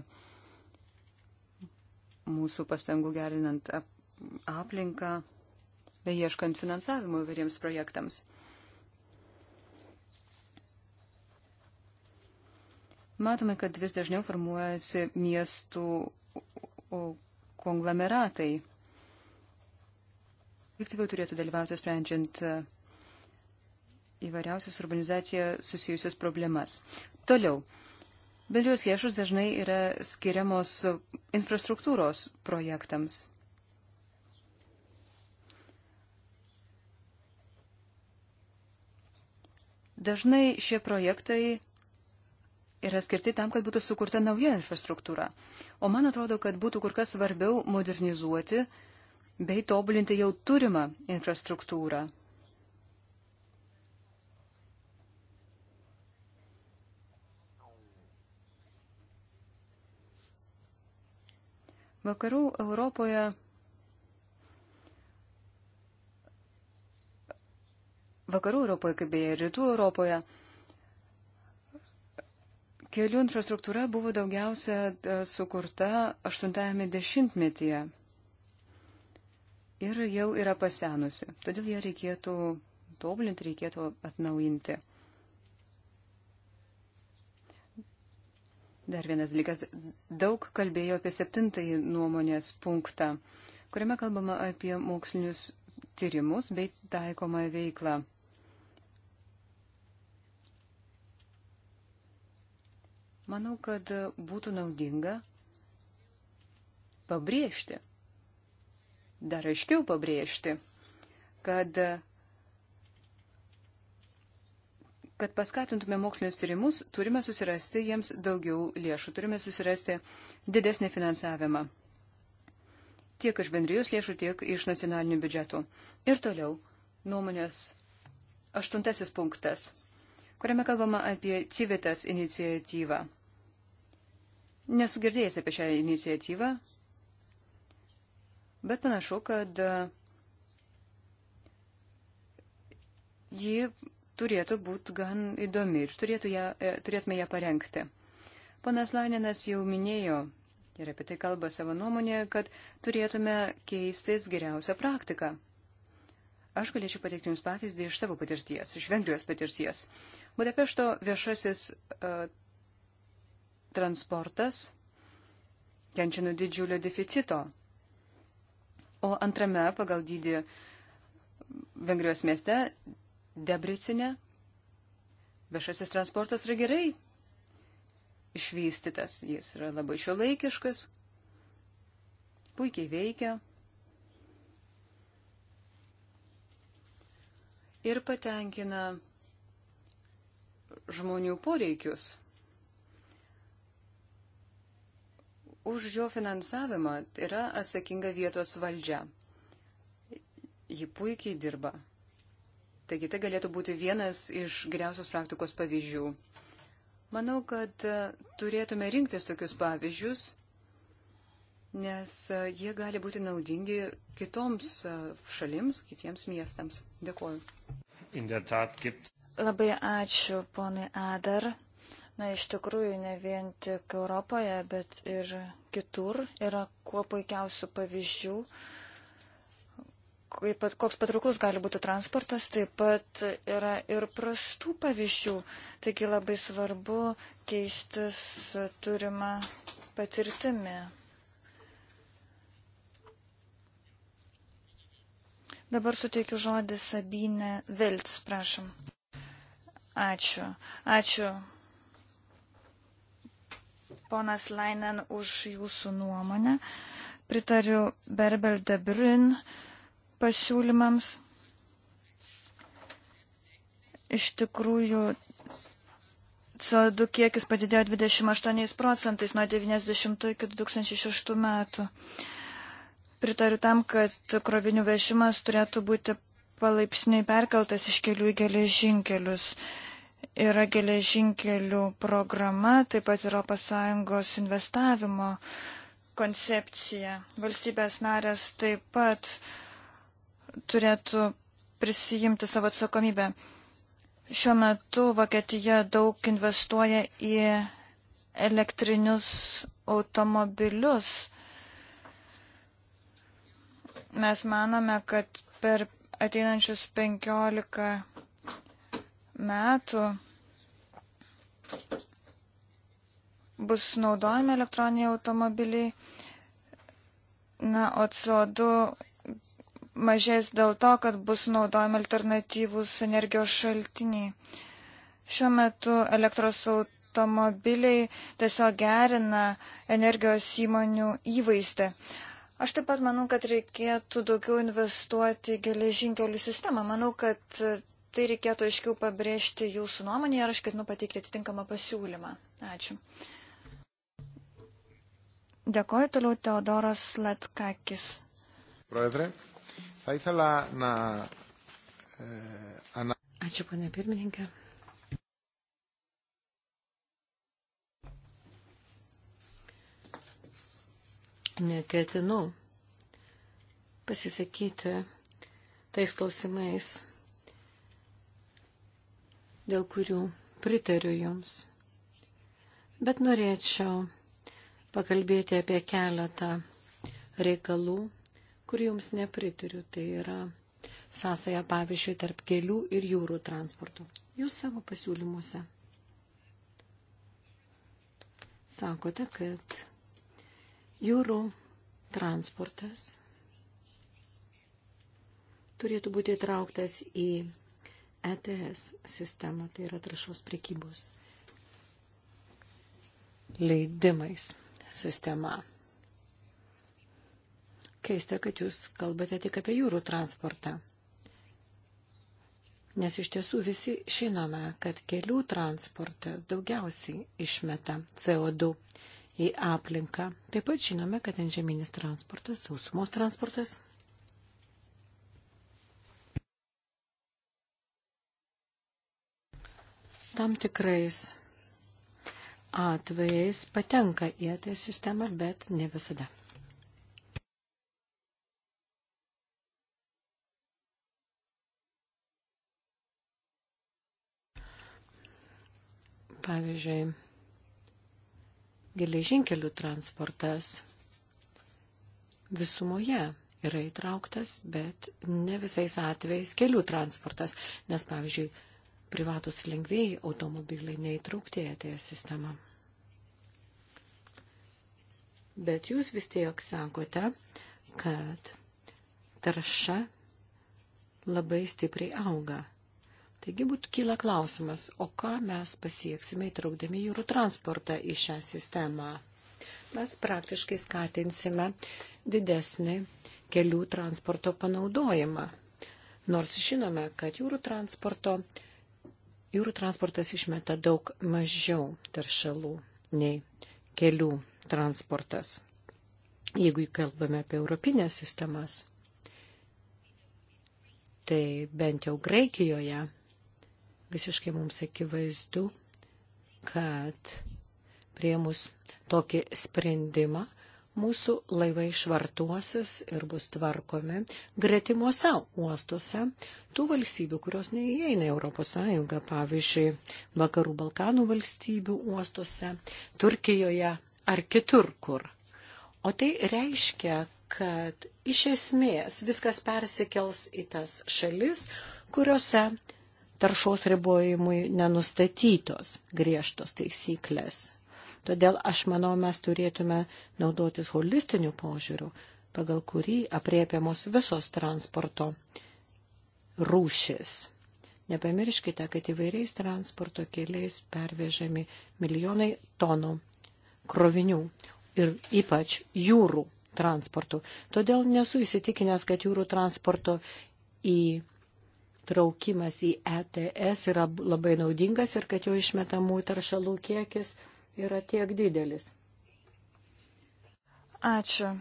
mūsų pastangų gerinant aplinką, beieškant finansavimo įvairiems projektams. Matome, kad vis dažniau formuojasi miestų konglomeratai. Aktyviau turėtų dalyvauti sprendžiant įvairiausias urbanizacija susijusias problemas. Toliau. Bendrijos lėšus dažnai yra skiriamos infrastruktūros projektams. Dažnai šie projektai yra skirti tam, kad būtų sukurta nauja infrastruktūra. O man atrodo, kad būtų kur kas svarbiau modernizuoti bei tobulinti jau turimą infrastruktūrą. Vakarų Europoje Vakarų Europoje, kaip beje, rytų Europoje, Kelių infrastruktūra buvo daugiausia e, sukurta 80-ame dešimtmetyje ir jau yra pasenusi. Todėl ją reikėtų tobulinti, reikėtų atnaujinti. Dar vienas dalykas. Daug kalbėjo apie septintąjį nuomonės punktą, kuriame kalbama apie mokslinius tyrimus bei taikomą veiklą. Manau, kad būtų naudinga pabrėžti, dar aiškiau pabrėžti, kad, kad paskatintume mokslinius tyrimus, turime susirasti jiems daugiau lėšų, turime susirasti didesnį finansavimą. Tiek iš bendrijos lėšų, tiek iš nacionalinių biudžetų. Ir toliau nuomonės aštuntasis punktas, kuriame kalbama apie civitas iniciatyvą nesugirdėjęs apie šią iniciatyvą, bet panašu, kad e, ji turėtų būti gan įdomi ir turėtų ją, e, turėtume ją parengti. Ponas Laninas jau minėjo ir apie tai kalba savo nuomonė, kad turėtume keistis geriausią praktiką. Aš galėčiau pateikti Jums pavyzdį iš savo patirties, iš Vengrijos patirties. Budapešto viešasis uh, transportas kenčia nuo didžiulio deficito. O antrame pagal dydį Vengrijos mieste, Debricinė, viešasis transportas yra gerai išvystytas, jis yra labai šiuolaikiškas, puikiai veikia ir patenkina žmonių poreikius. už jo finansavimą yra atsakinga vietos valdžia. Ji puikiai dirba. Taigi tai galėtų būti vienas iš geriausios praktikos pavyzdžių. Manau, kad e, turėtume rinktis tokius pavyzdžius, nes e, jie gali būti naudingi kitoms e, šalims, kitiems miestams. Dėkuoju. Labai ačiū, ponai Adar. Na, iš tikrųjų, ne vien tik Europoje, bet ir kitur yra kuo puikiausių pavyzdžių, kaip, koks patrauklus gali būti transportas, taip pat yra ir prastų pavyzdžių. Taigi labai svarbu keistis turimą patirtimį. Dabar suteikiu žodį Sabinę Vilts, prašom. Ačiū. Ačiū ponas Lainen, už jūsų nuomonę. Pritariu Berbel de Brun pasiūlymams. Iš tikrųjų, CO2 kiekis padidėjo 28 procentais nuo 90 iki 2006 metų. Pritariu tam, kad krovinių vežimas turėtų būti palaipsniui perkeltas iš kelių į geležinkelius yra geležinkelių programa, taip pat ES investavimo koncepcija. Valstybės narės taip pat turėtų prisijimti savo atsakomybę. Šiuo metu Vokietija daug investuoja į elektrinius automobilius. Mes manome, kad per ateinančius 15 metų bus naudojami elektroniniai automobiliai. Na, o CO2 mažės dėl to, kad bus naudojami alternatyvūs energijos šaltiniai. Šiuo metu elektros automobiliai tiesiog gerina energijos įmonių įvaizdį. Aš taip pat manau, kad reikėtų daugiau investuoti geležinkelių sistemą. Manau, kad tai reikėtų aiškiau pabrėžti jūsų nuomonėje ir aš ketinu pateikti atitinkamą pasiūlymą. Ačiū. Dėkoju toliau Teodoras Latkakis. Proedre, θα ήθελα να ανα... Ačiū, ponia pirmininkė. Neketinu pasisakyti tais klausimais, dėl kurių pritariu jums. Bet norėčiau pakalbėti apie keletą reikalų, kur jums neprituriu. Tai yra sąsaja, pavyzdžiui, tarp kelių ir jūrų transporto. Jūs savo pasiūlymuose sakote, kad jūrų transportas turėtų būti įtrauktas į ETS sistemą, tai yra trašos prekybos leidimais sistema. Keista, kad jūs kalbate tik apie jūrų transportą. Nes iš tiesų visi žinome, kad kelių transportas daugiausiai išmeta CO2 į aplinką. Taip pat žinome, kad antžeminis transportas, sausumos transportas. Tam tikrais atvejais patenka į ETS sistemą, bet ne visada. Pavyzdžiui, geležinkelių transportas visumoje yra įtrauktas, bet ne visais atvejais kelių transportas, nes, pavyzdžiui, privatus lengvėjai automobiliai neįtraukti į atėję e sistemą. Bet jūs vis tiek sakote, kad tarša labai stipriai auga. Taigi būtų kyla klausimas, o ką mes pasieksime įtraukdami jūrų transportą į šią sistemą? Mes praktiškai skatinsime didesnį kelių transporto panaudojimą. Nors žinome, kad jūrų transporto uh, Jūrų transportas išmeta daug mažiau taršalų nei kelių transportas. Jeigu kalbame apie europinės sistemas, tai bent jau Graikijoje visiškai mums akivaizdu, kad prie mus tokį sprendimą mūsų laivai švartuosis ir bus tvarkomi gretimuose uostuose tų valstybių, kurios neįeina Europos Sąjungą, pavyzdžiui, Vakarų Balkanų valstybių uostuose, Turkijoje ar kitur kur. O tai reiškia, kad iš esmės viskas persikels į tas šalis, kuriuose taršos ribojimui nenustatytos griežtos taisyklės. Todėl aš manau, mes turėtume naudotis holistiniu požiūriu, pagal kurį apriepiamos visos transporto rūšis. Nepamirškite, kad įvairiais transporto keliais pervežami milijonai tonų krovinių ir ypač jūrų transportų. Todėl nesu įsitikinęs, kad jūrų transporto įtraukimas į ETS yra labai naudingas ir kad jo išmetamų taršalų kiekis yra tiek didelis? Ačiū.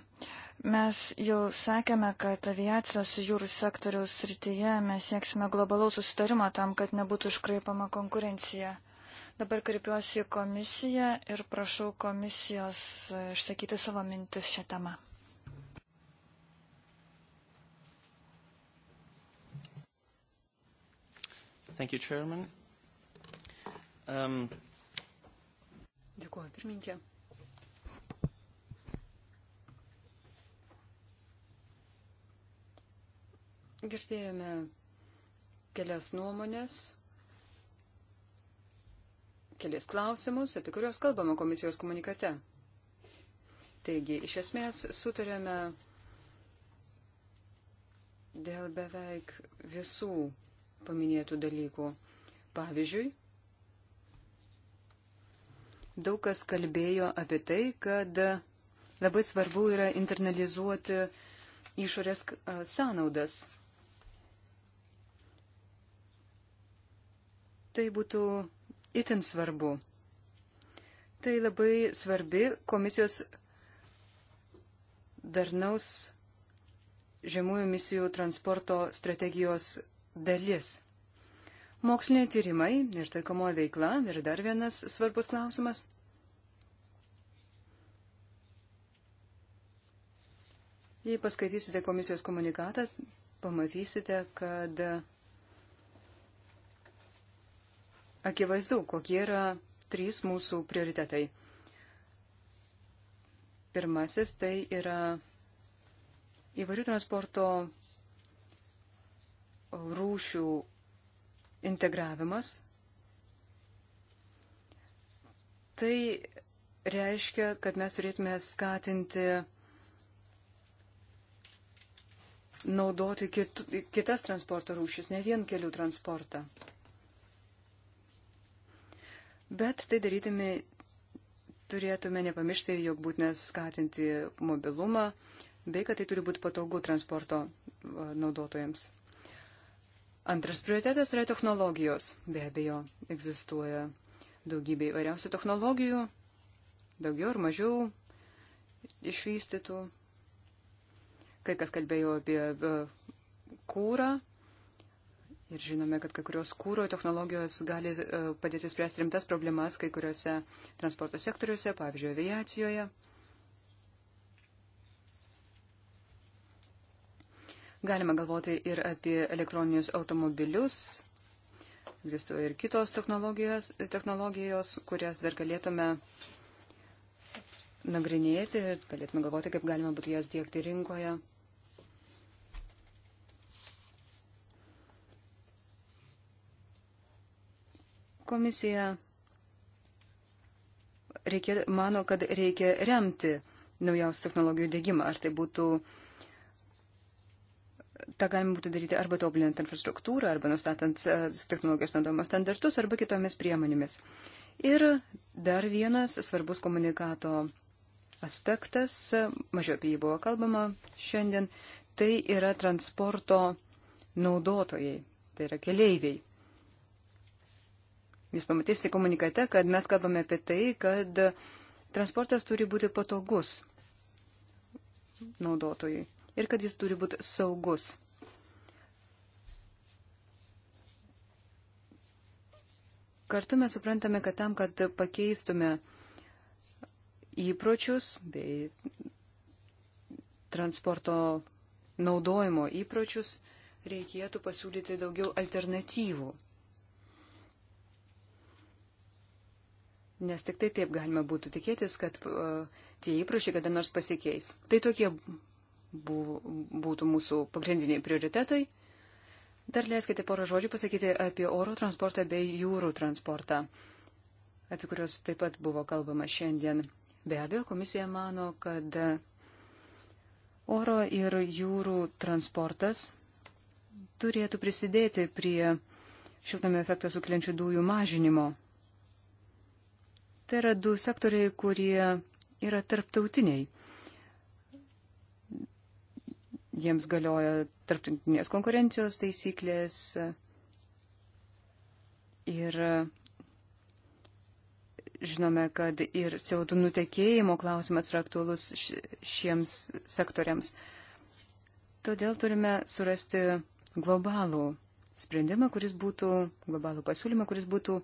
Mes jau sakėme, kad aviacijos jūrų sektoriaus srityje mes sieksime globalaus susitarimo tam, kad nebūtų iškraipama konkurencija. Dabar kreipiuosi į komisiją ir prašau komisijos e, išsakyti savo mintis šią temą. Thank you, Chairman. Um, Dėkuoju, pirmininkė. Girdėjome kelias nuomonės, kelias klausimus, apie kuriuos kalbama komisijos komunikate. Taigi, iš esmės sutarėme dėl beveik visų paminėtų dalykų. Pavyzdžiui, daug kas kalbėjo apie tai, kad labai svarbu yra internalizuoti išorės sąnaudas. Tai būtų itin svarbu. Tai labai svarbi komisijos darnaus žemųjų misijų transporto strategijos dalis. Moksliniai tyrimai ir taikomoji veikla yra dar vienas svarbus klausimas. Jei paskaitysite komisijos komunikatą, pamatysite, kad akivaizdu, kokie yra trys mūsų prioritetai. Pirmasis tai yra įvairių transporto rūšių integravimas, tai reiškia, kad mes turėtume skatinti naudoti kit, kitas transporto rūšis, ne vien kelių transportą. Bet tai darytume, turėtume nepamiršti, jog būtina skatinti mobilumą, bei kad tai turi būti patogu transporto naudotojams. Antras prioritetas yra technologijos. Be abejo, egzistuoja daugybė įvairiausių technologijų, daugiau ar mažiau išvystytų. Kai kas kalbėjo apie e, kūrą. Ir žinome, kad kai kurios kūro technologijos gali e, padėti spręsti rimtas problemas kai kuriuose transporto sektoriuose, pavyzdžiui, aviacijoje. Galima galvoti ir apie elektroninius automobilius. Egzistuoja ir kitos technologijos, technologijos kurias dar galėtume nagrinėti ir galėtume galvoti, kaip galima būtų jas dėkti rinkoje. Komisija reikia, mano, kad reikia remti naujausių technologijų dėgymą, ar tai būtų uh, tą galima būtų daryti arba tobulinant infrastruktūrą, arba nustatant e, technologijos naudojimo standartus, arba kitomis priemonėmis. Ir dar vienas svarbus komunikato aspektas, e, mažiau apie jį buvo kalbama šiandien, tai yra transporto naudotojai, tai yra keleiviai. Jūs pamatysite komunikate, kad mes kalbame apie tai, kad transportas turi būti patogus naudotojui ir kad jis turi būti saugus. Kartu mes suprantame, kad tam, kad pakeistume įpročius bei transporto naudojimo įpročius, reikėtų pasiūlyti daugiau alternatyvų. Nes tik tai taip galima būtų tikėtis, kad uh, tie įpročiai kada nors pasikeis. Tai tokie būtų mūsų pagrindiniai prioritetai. Dar leiskite porą žodžių pasakyti apie oro transportą bei jūrų transportą, apie kurios taip pat buvo kalbama šiandien. Be abejo, komisija mano, kad oro ir jūrų transportas turėtų prisidėti prie šiltnamio efektą sukeliančių dujų mažinimo. Tai yra du sektoriai, kurie yra tarptautiniai. Jiems galioja tarptautinės konkurencijos taisyklės ir žinome, kad ir CO2 nutekėjimo klausimas yra aktuolus šiems sektoriams. Todėl turime surasti globalų sprendimą, kuris būtų, globalų pasiūlymą, kuris būtų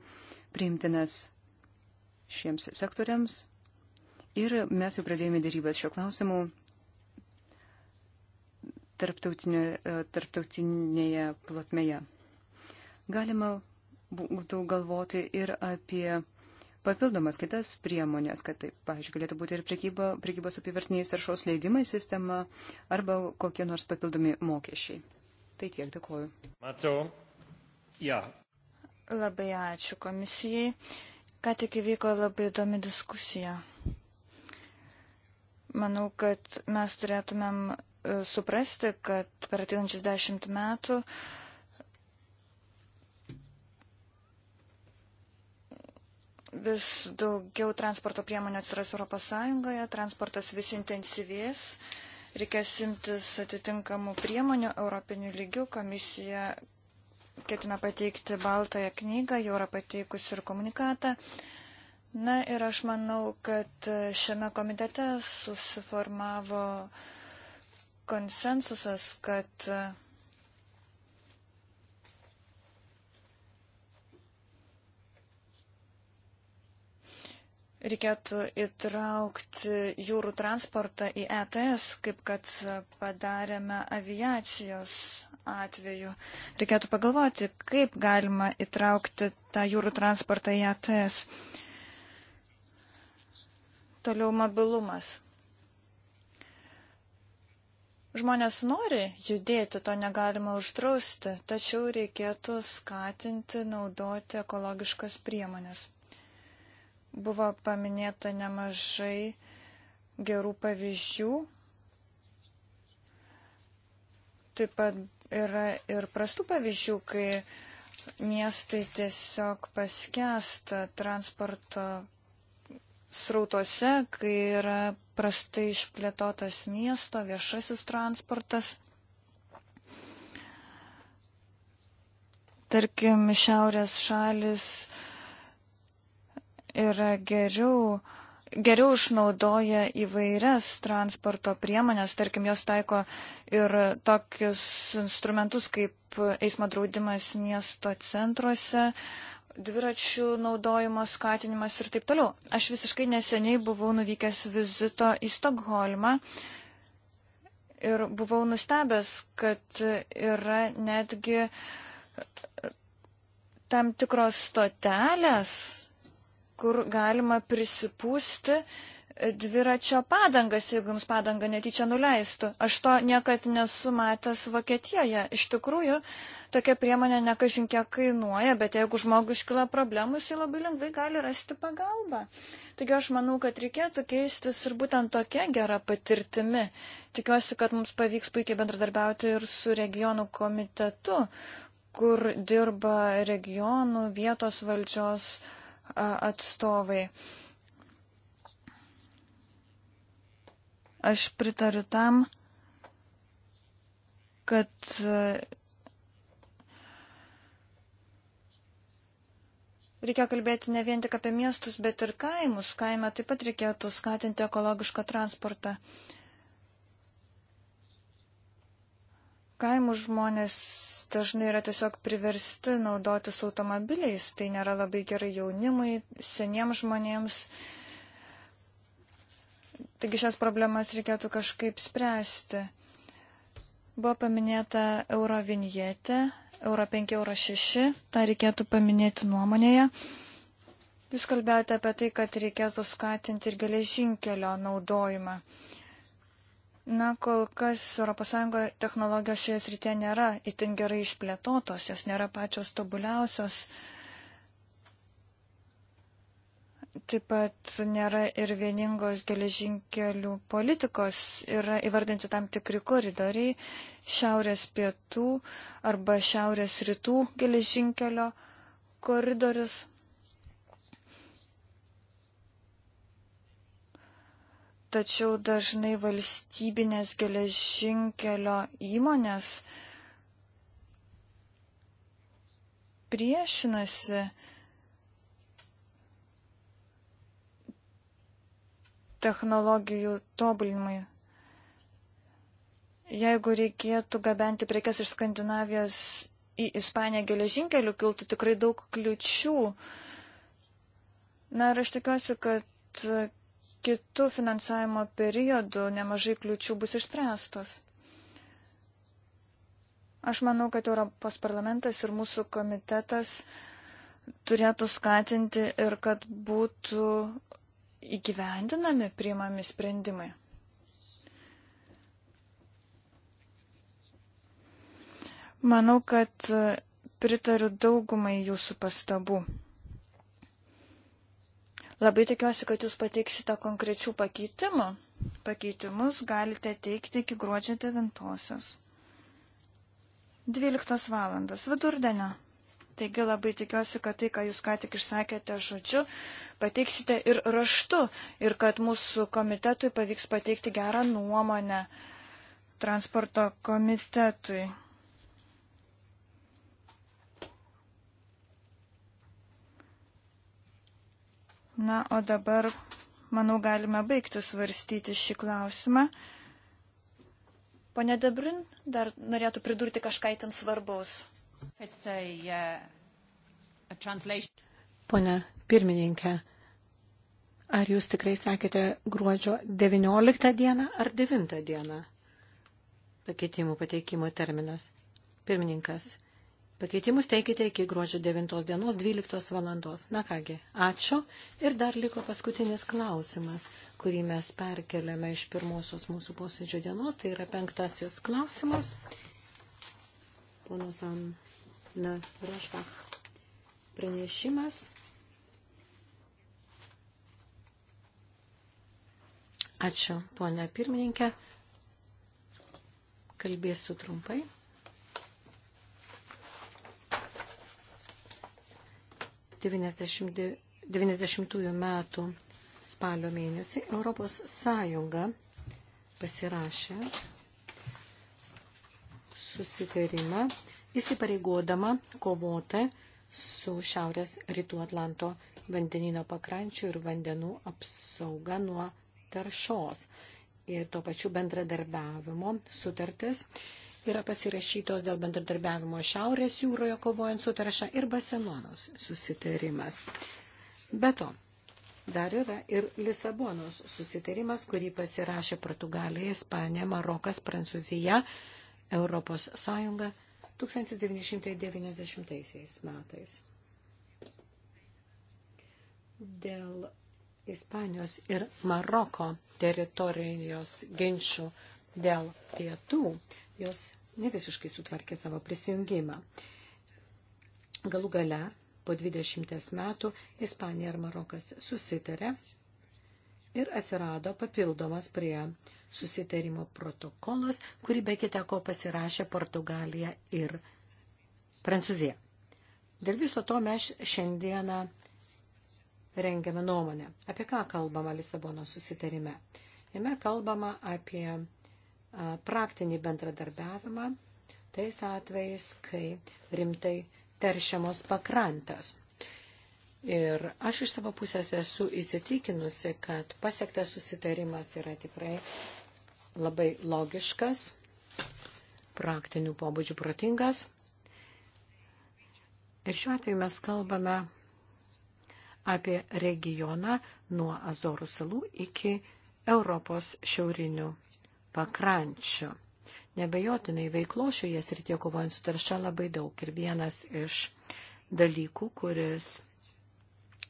priimtinas šiems sektoriams. Ir mes jau pradėjome dėrybas šio klausimu tarptautinė, e, tarptautinėje plotmėje. Galima būtų galvoti ir apie papildomas kitas priemonės, kad tai, pavyzdžiui, galėtų būti ir prekyba, prekybos apivartiniais taršos leidimai sistema arba kokie nors papildomi mokesčiai. Tai tiek, dėkuoju. Matau. Ja. Labai ačiū komisijai. Ką tik įvyko labai įdomi diskusija. Manau, kad mes turėtumėm suprasti, kad per ateinančius dešimt metų vis daugiau transporto priemonių atsiras Europos Sąjungoje, transportas vis intensyvės, reikės imtis atitinkamų priemonių europinių lygių, komisija ketina pateikti baltąją knygą, jau yra pateikusi ir komunikatą. Na ir aš manau, kad šiame komitete susiformavo uh, konsensusas, kad reikėtų įtraukti jūrų transportą į ETS, kaip kad padarėme aviacijos atveju. Reikėtų pagalvoti, kaip galima įtraukti tą jūrų transportą į ETS. Toliau mobilumas. Žmonės nori judėti, to negalima uždrausti, tačiau reikėtų skatinti naudoti ekologiškas priemonės. Buvo paminėta nemažai gerų pavyzdžių. Taip pat yra ir prastų pavyzdžių, kai miestai tiesiog paskęsta transporto srautuose, kai yra prastai išplėtotas miesto viešasis transportas. Tarkim, šiaurės šalis yra geriau, geriau išnaudoja įvairias transporto priemonės, tarkim, jos taiko ir tokius instrumentus kaip eismo draudimas miesto centruose, dviračių naudojimo skatinimas ir taip toliau. Aš visiškai neseniai buvau nuvykęs vizito į Stokholmą ir buvau nustebęs, kad yra netgi tam tikros stotelės, kur galima prisipūsti dviračio padangas, jeigu jums padanga netyčia nuleistų. Aš to niekad nesu matęs Vokietijoje. Iš tikrųjų, tokia priemonė nekažinkia kainuoja, bet jeigu žmogus iškila problemų, jis labai lengvai gali rasti pagalbą. Taigi aš manau, kad reikėtų keistis ir būtent tokia gera patirtimi. Tikiuosi, kad mums pavyks puikiai bendradarbiauti ir su regionų komitetu, kur dirba regionų vietos valdžios atstovai. Aš pritariu tam, kad e, reikia kalbėti ne vien tik apie miestus, bet ir kaimus. Kaime taip pat reikėtų skatinti ekologišką transportą. Kaimų žmonės dažnai yra tiesiog priversti naudotis automobiliais. Tai nėra labai gerai jaunimui, seniems žmonėms. Uh, Taigi šias problemas reikėtų kažkaip spręsti. Buvo paminėta eurovinietė, euro 5, euro 6, tą reikėtų paminėti nuomonėje. Jūs kalbėjote apie tai, kad reikėtų skatinti ir geležinkelio naudojimą. Na, kol kas ES technologijos šioje srityje nėra itin gerai išplėtotos, jos nėra pačios tobuliausios. Uh, Taip pat nėra ir vieningos geležinkelių politikos, yra įvardinti tam tikri koridoriai šiaurės pietų arba šiaurės rytų geležinkelio koridorius. Tačiau dažnai valstybinės geležinkelio įmonės priešinasi technologijų tobulinimui. Jeigu reikėtų gabenti prekes iš Skandinavijos į Ispaniją geležinkeliu, kiltų tikrai daug kliučių. Na ir aš tikiuosi, kad kitų finansavimo periodų nemažai kliučių bus išspręstos. Aš manau, kad Europos parlamentas ir mūsų komitetas turėtų skatinti ir kad būtų įgyvendinami priimami sprendimai. Manau, kad pritariu daugumai jūsų pastabų. Labai tikiuosi, kad jūs pateiksite konkrečių pakeitimų. Pakeitimus galite teikti iki gruodžio 9. 12 valandos vidurdienio. Taigi labai tikiuosi, kad tai, ką jūs ką tik išsakėte žodžiu, pateiksite ir raštu ir kad mūsų komitetui pavyks pateikti gerą nuomonę transporto komitetui. Na, o dabar, manau, galime baigti svarstyti šį klausimą. Pone Debrin dar norėtų pridurti kažką itin svarbaus. Uh, Pone pirmininkė, ar jūs tikrai sakėte gruodžio 19 dieną ar 9 dieną pakeitimų pateikimo terminas? Pirmininkas, Pakeitimus teikite iki gruodžio 9 dienos 12 valandos. Na kągi, ačiū. Ir dar liko paskutinis klausimas, kurį mes perkeliame iš pirmosios mūsų posėdžio dienos. Tai yra penktasis klausimas ponos Anna Rošbach pranešimas. Ačiū, ponia pirmininkė. Kalbėsiu trumpai. Devyniasdešimtųjų metų spalio mėnesį Europos Sąjunga pasirašė susitarimą, įsipareigodama kovoti su Šiaurės rytų Atlanto vandenino pakrančių ir vandenų apsauga nuo taršos. Ir tuo pačiu bendradarbiavimo sutartis yra pasirašytos dėl bendradarbiavimo Šiaurės jūroje kovojant su tarša ir Barcelonos susitarimas. Be to, dar yra ir Lisabonos susitarimas, kurį pasirašė Portugalija, Ispanija, Marokas, Prancūzija, Europos Sąjungą 1990 metais. Dėl Ispanijos ir Maroko teritorijos ginčių dėl pietų, jos nevisiškai sutvarkė savo prisijungimą. Galų gale po 20 metų Ispanija ir Marokas susitarė ir atsirado papildomas prie susitarimo protokolas, kurį be kita ko pasirašė Portugalija ir Prancūzija. Dėl viso to mes šiandieną rengiame nuomonę. Apie ką kalbama Lisabono susitarime? Jame kalbama apie praktinį bendradarbiavimą tais atvejais, kai rimtai teršiamos pakrantas. Ir aš iš savo pusės esu įsitikinusi, kad pasiektas susitarimas yra tikrai labai logiškas, praktinių pobūdžių protingas. Ir šiuo atveju mes kalbame apie regioną nuo Azorų salų iki Europos šiaurinių pakrančių. Nebejotinai veiklo šioje srityje kovojant su tarša labai daug. Ir vienas iš dalykų, kuris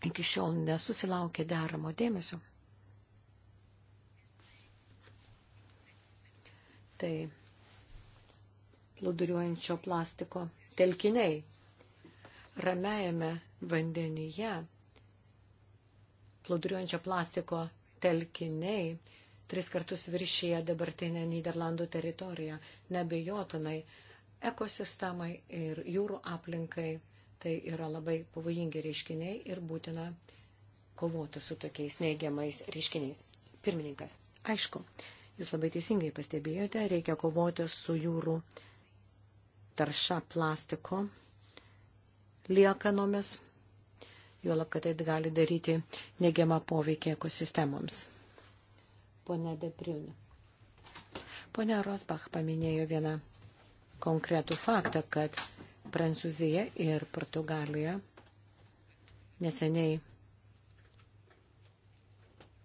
iki šiol nesusilaukė deramo dėmesio. Tai plūduriuojančio plastiko telkiniai ramiajame vandenyje plūduriuojančio plastiko telkiniai tris kartus viršyje dabartinę Niderlandų teritoriją. Nebejotinai ekosistemai ir jūrų aplinkai Tai yra labai pavojingi reiškiniai ir būtina kovoti su tokiais neigiamais reiškiniais. Pirmininkas, aišku, jūs labai teisingai pastebėjote, reikia kovoti su jūrų tarša plastiko liekanomis, juolab, kad tai gali daryti neigiamą poveikį ekosistemoms. Pone Deprin. Pone Rosbach paminėjo vieną konkretų faktą, kad Prancūzija ir Portugalija neseniai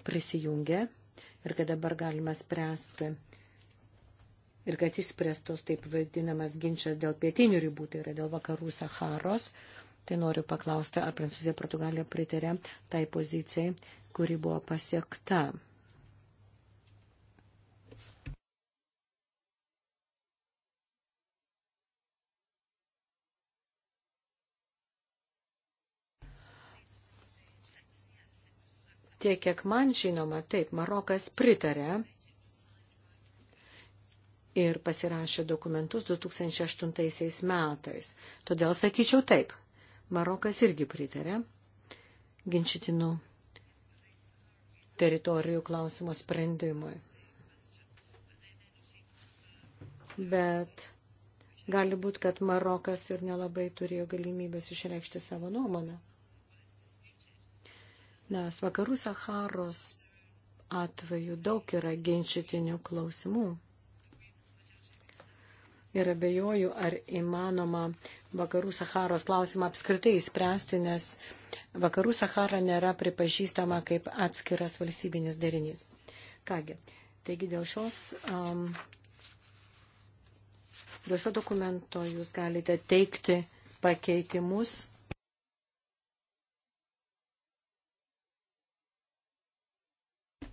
prisijungė ir kad dabar galima spręsti ir kad išspręstos taip vadinamas ginčas dėl pietinių ribų, tai yra dėl vakarų Saharos. Tai noriu paklausti, ar Prancūzija Portugalija pritarė tai pozicijai, kuri buvo pasiekta Tiek, kiek man žinoma, taip, Marokas pritarė ir pasirašė dokumentus 2008 metais. Todėl sakyčiau taip, Marokas irgi pritarė ginčytinų teritorijų klausimo sprendimui. Bet gali būti, kad Marokas ir nelabai turėjo galimybės išreikšti savo nuomonę nes vakarų Saharos atveju daug yra ginčytinių klausimų. Ir abejoju, ar įmanoma vakarų Saharos klausimą apskritai įspręsti, nes vakarų Sahara nėra pripažįstama kaip atskiras valstybinis darinys. Kągi, taigi dėl šios um, Dėl šio dokumento jūs galite teikti pakeitimus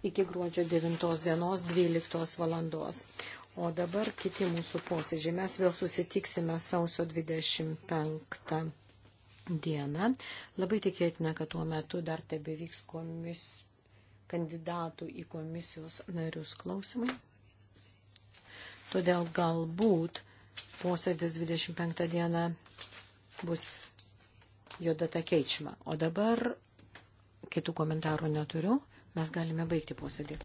iki gruodžio 9 dienos 12 valandos. O dabar kiti mūsų posėdžiai. Mes vėl susitiksime sausio 25 dieną. Labai tikėtina, kad tuo metu dar tebe vyks komis, kandidatų į komisijos narius klausimai. Todėl galbūt posėdis 25 dieną bus jo data keičiama. O dabar kitų komentarų neturiu mes galime baigti posėdį.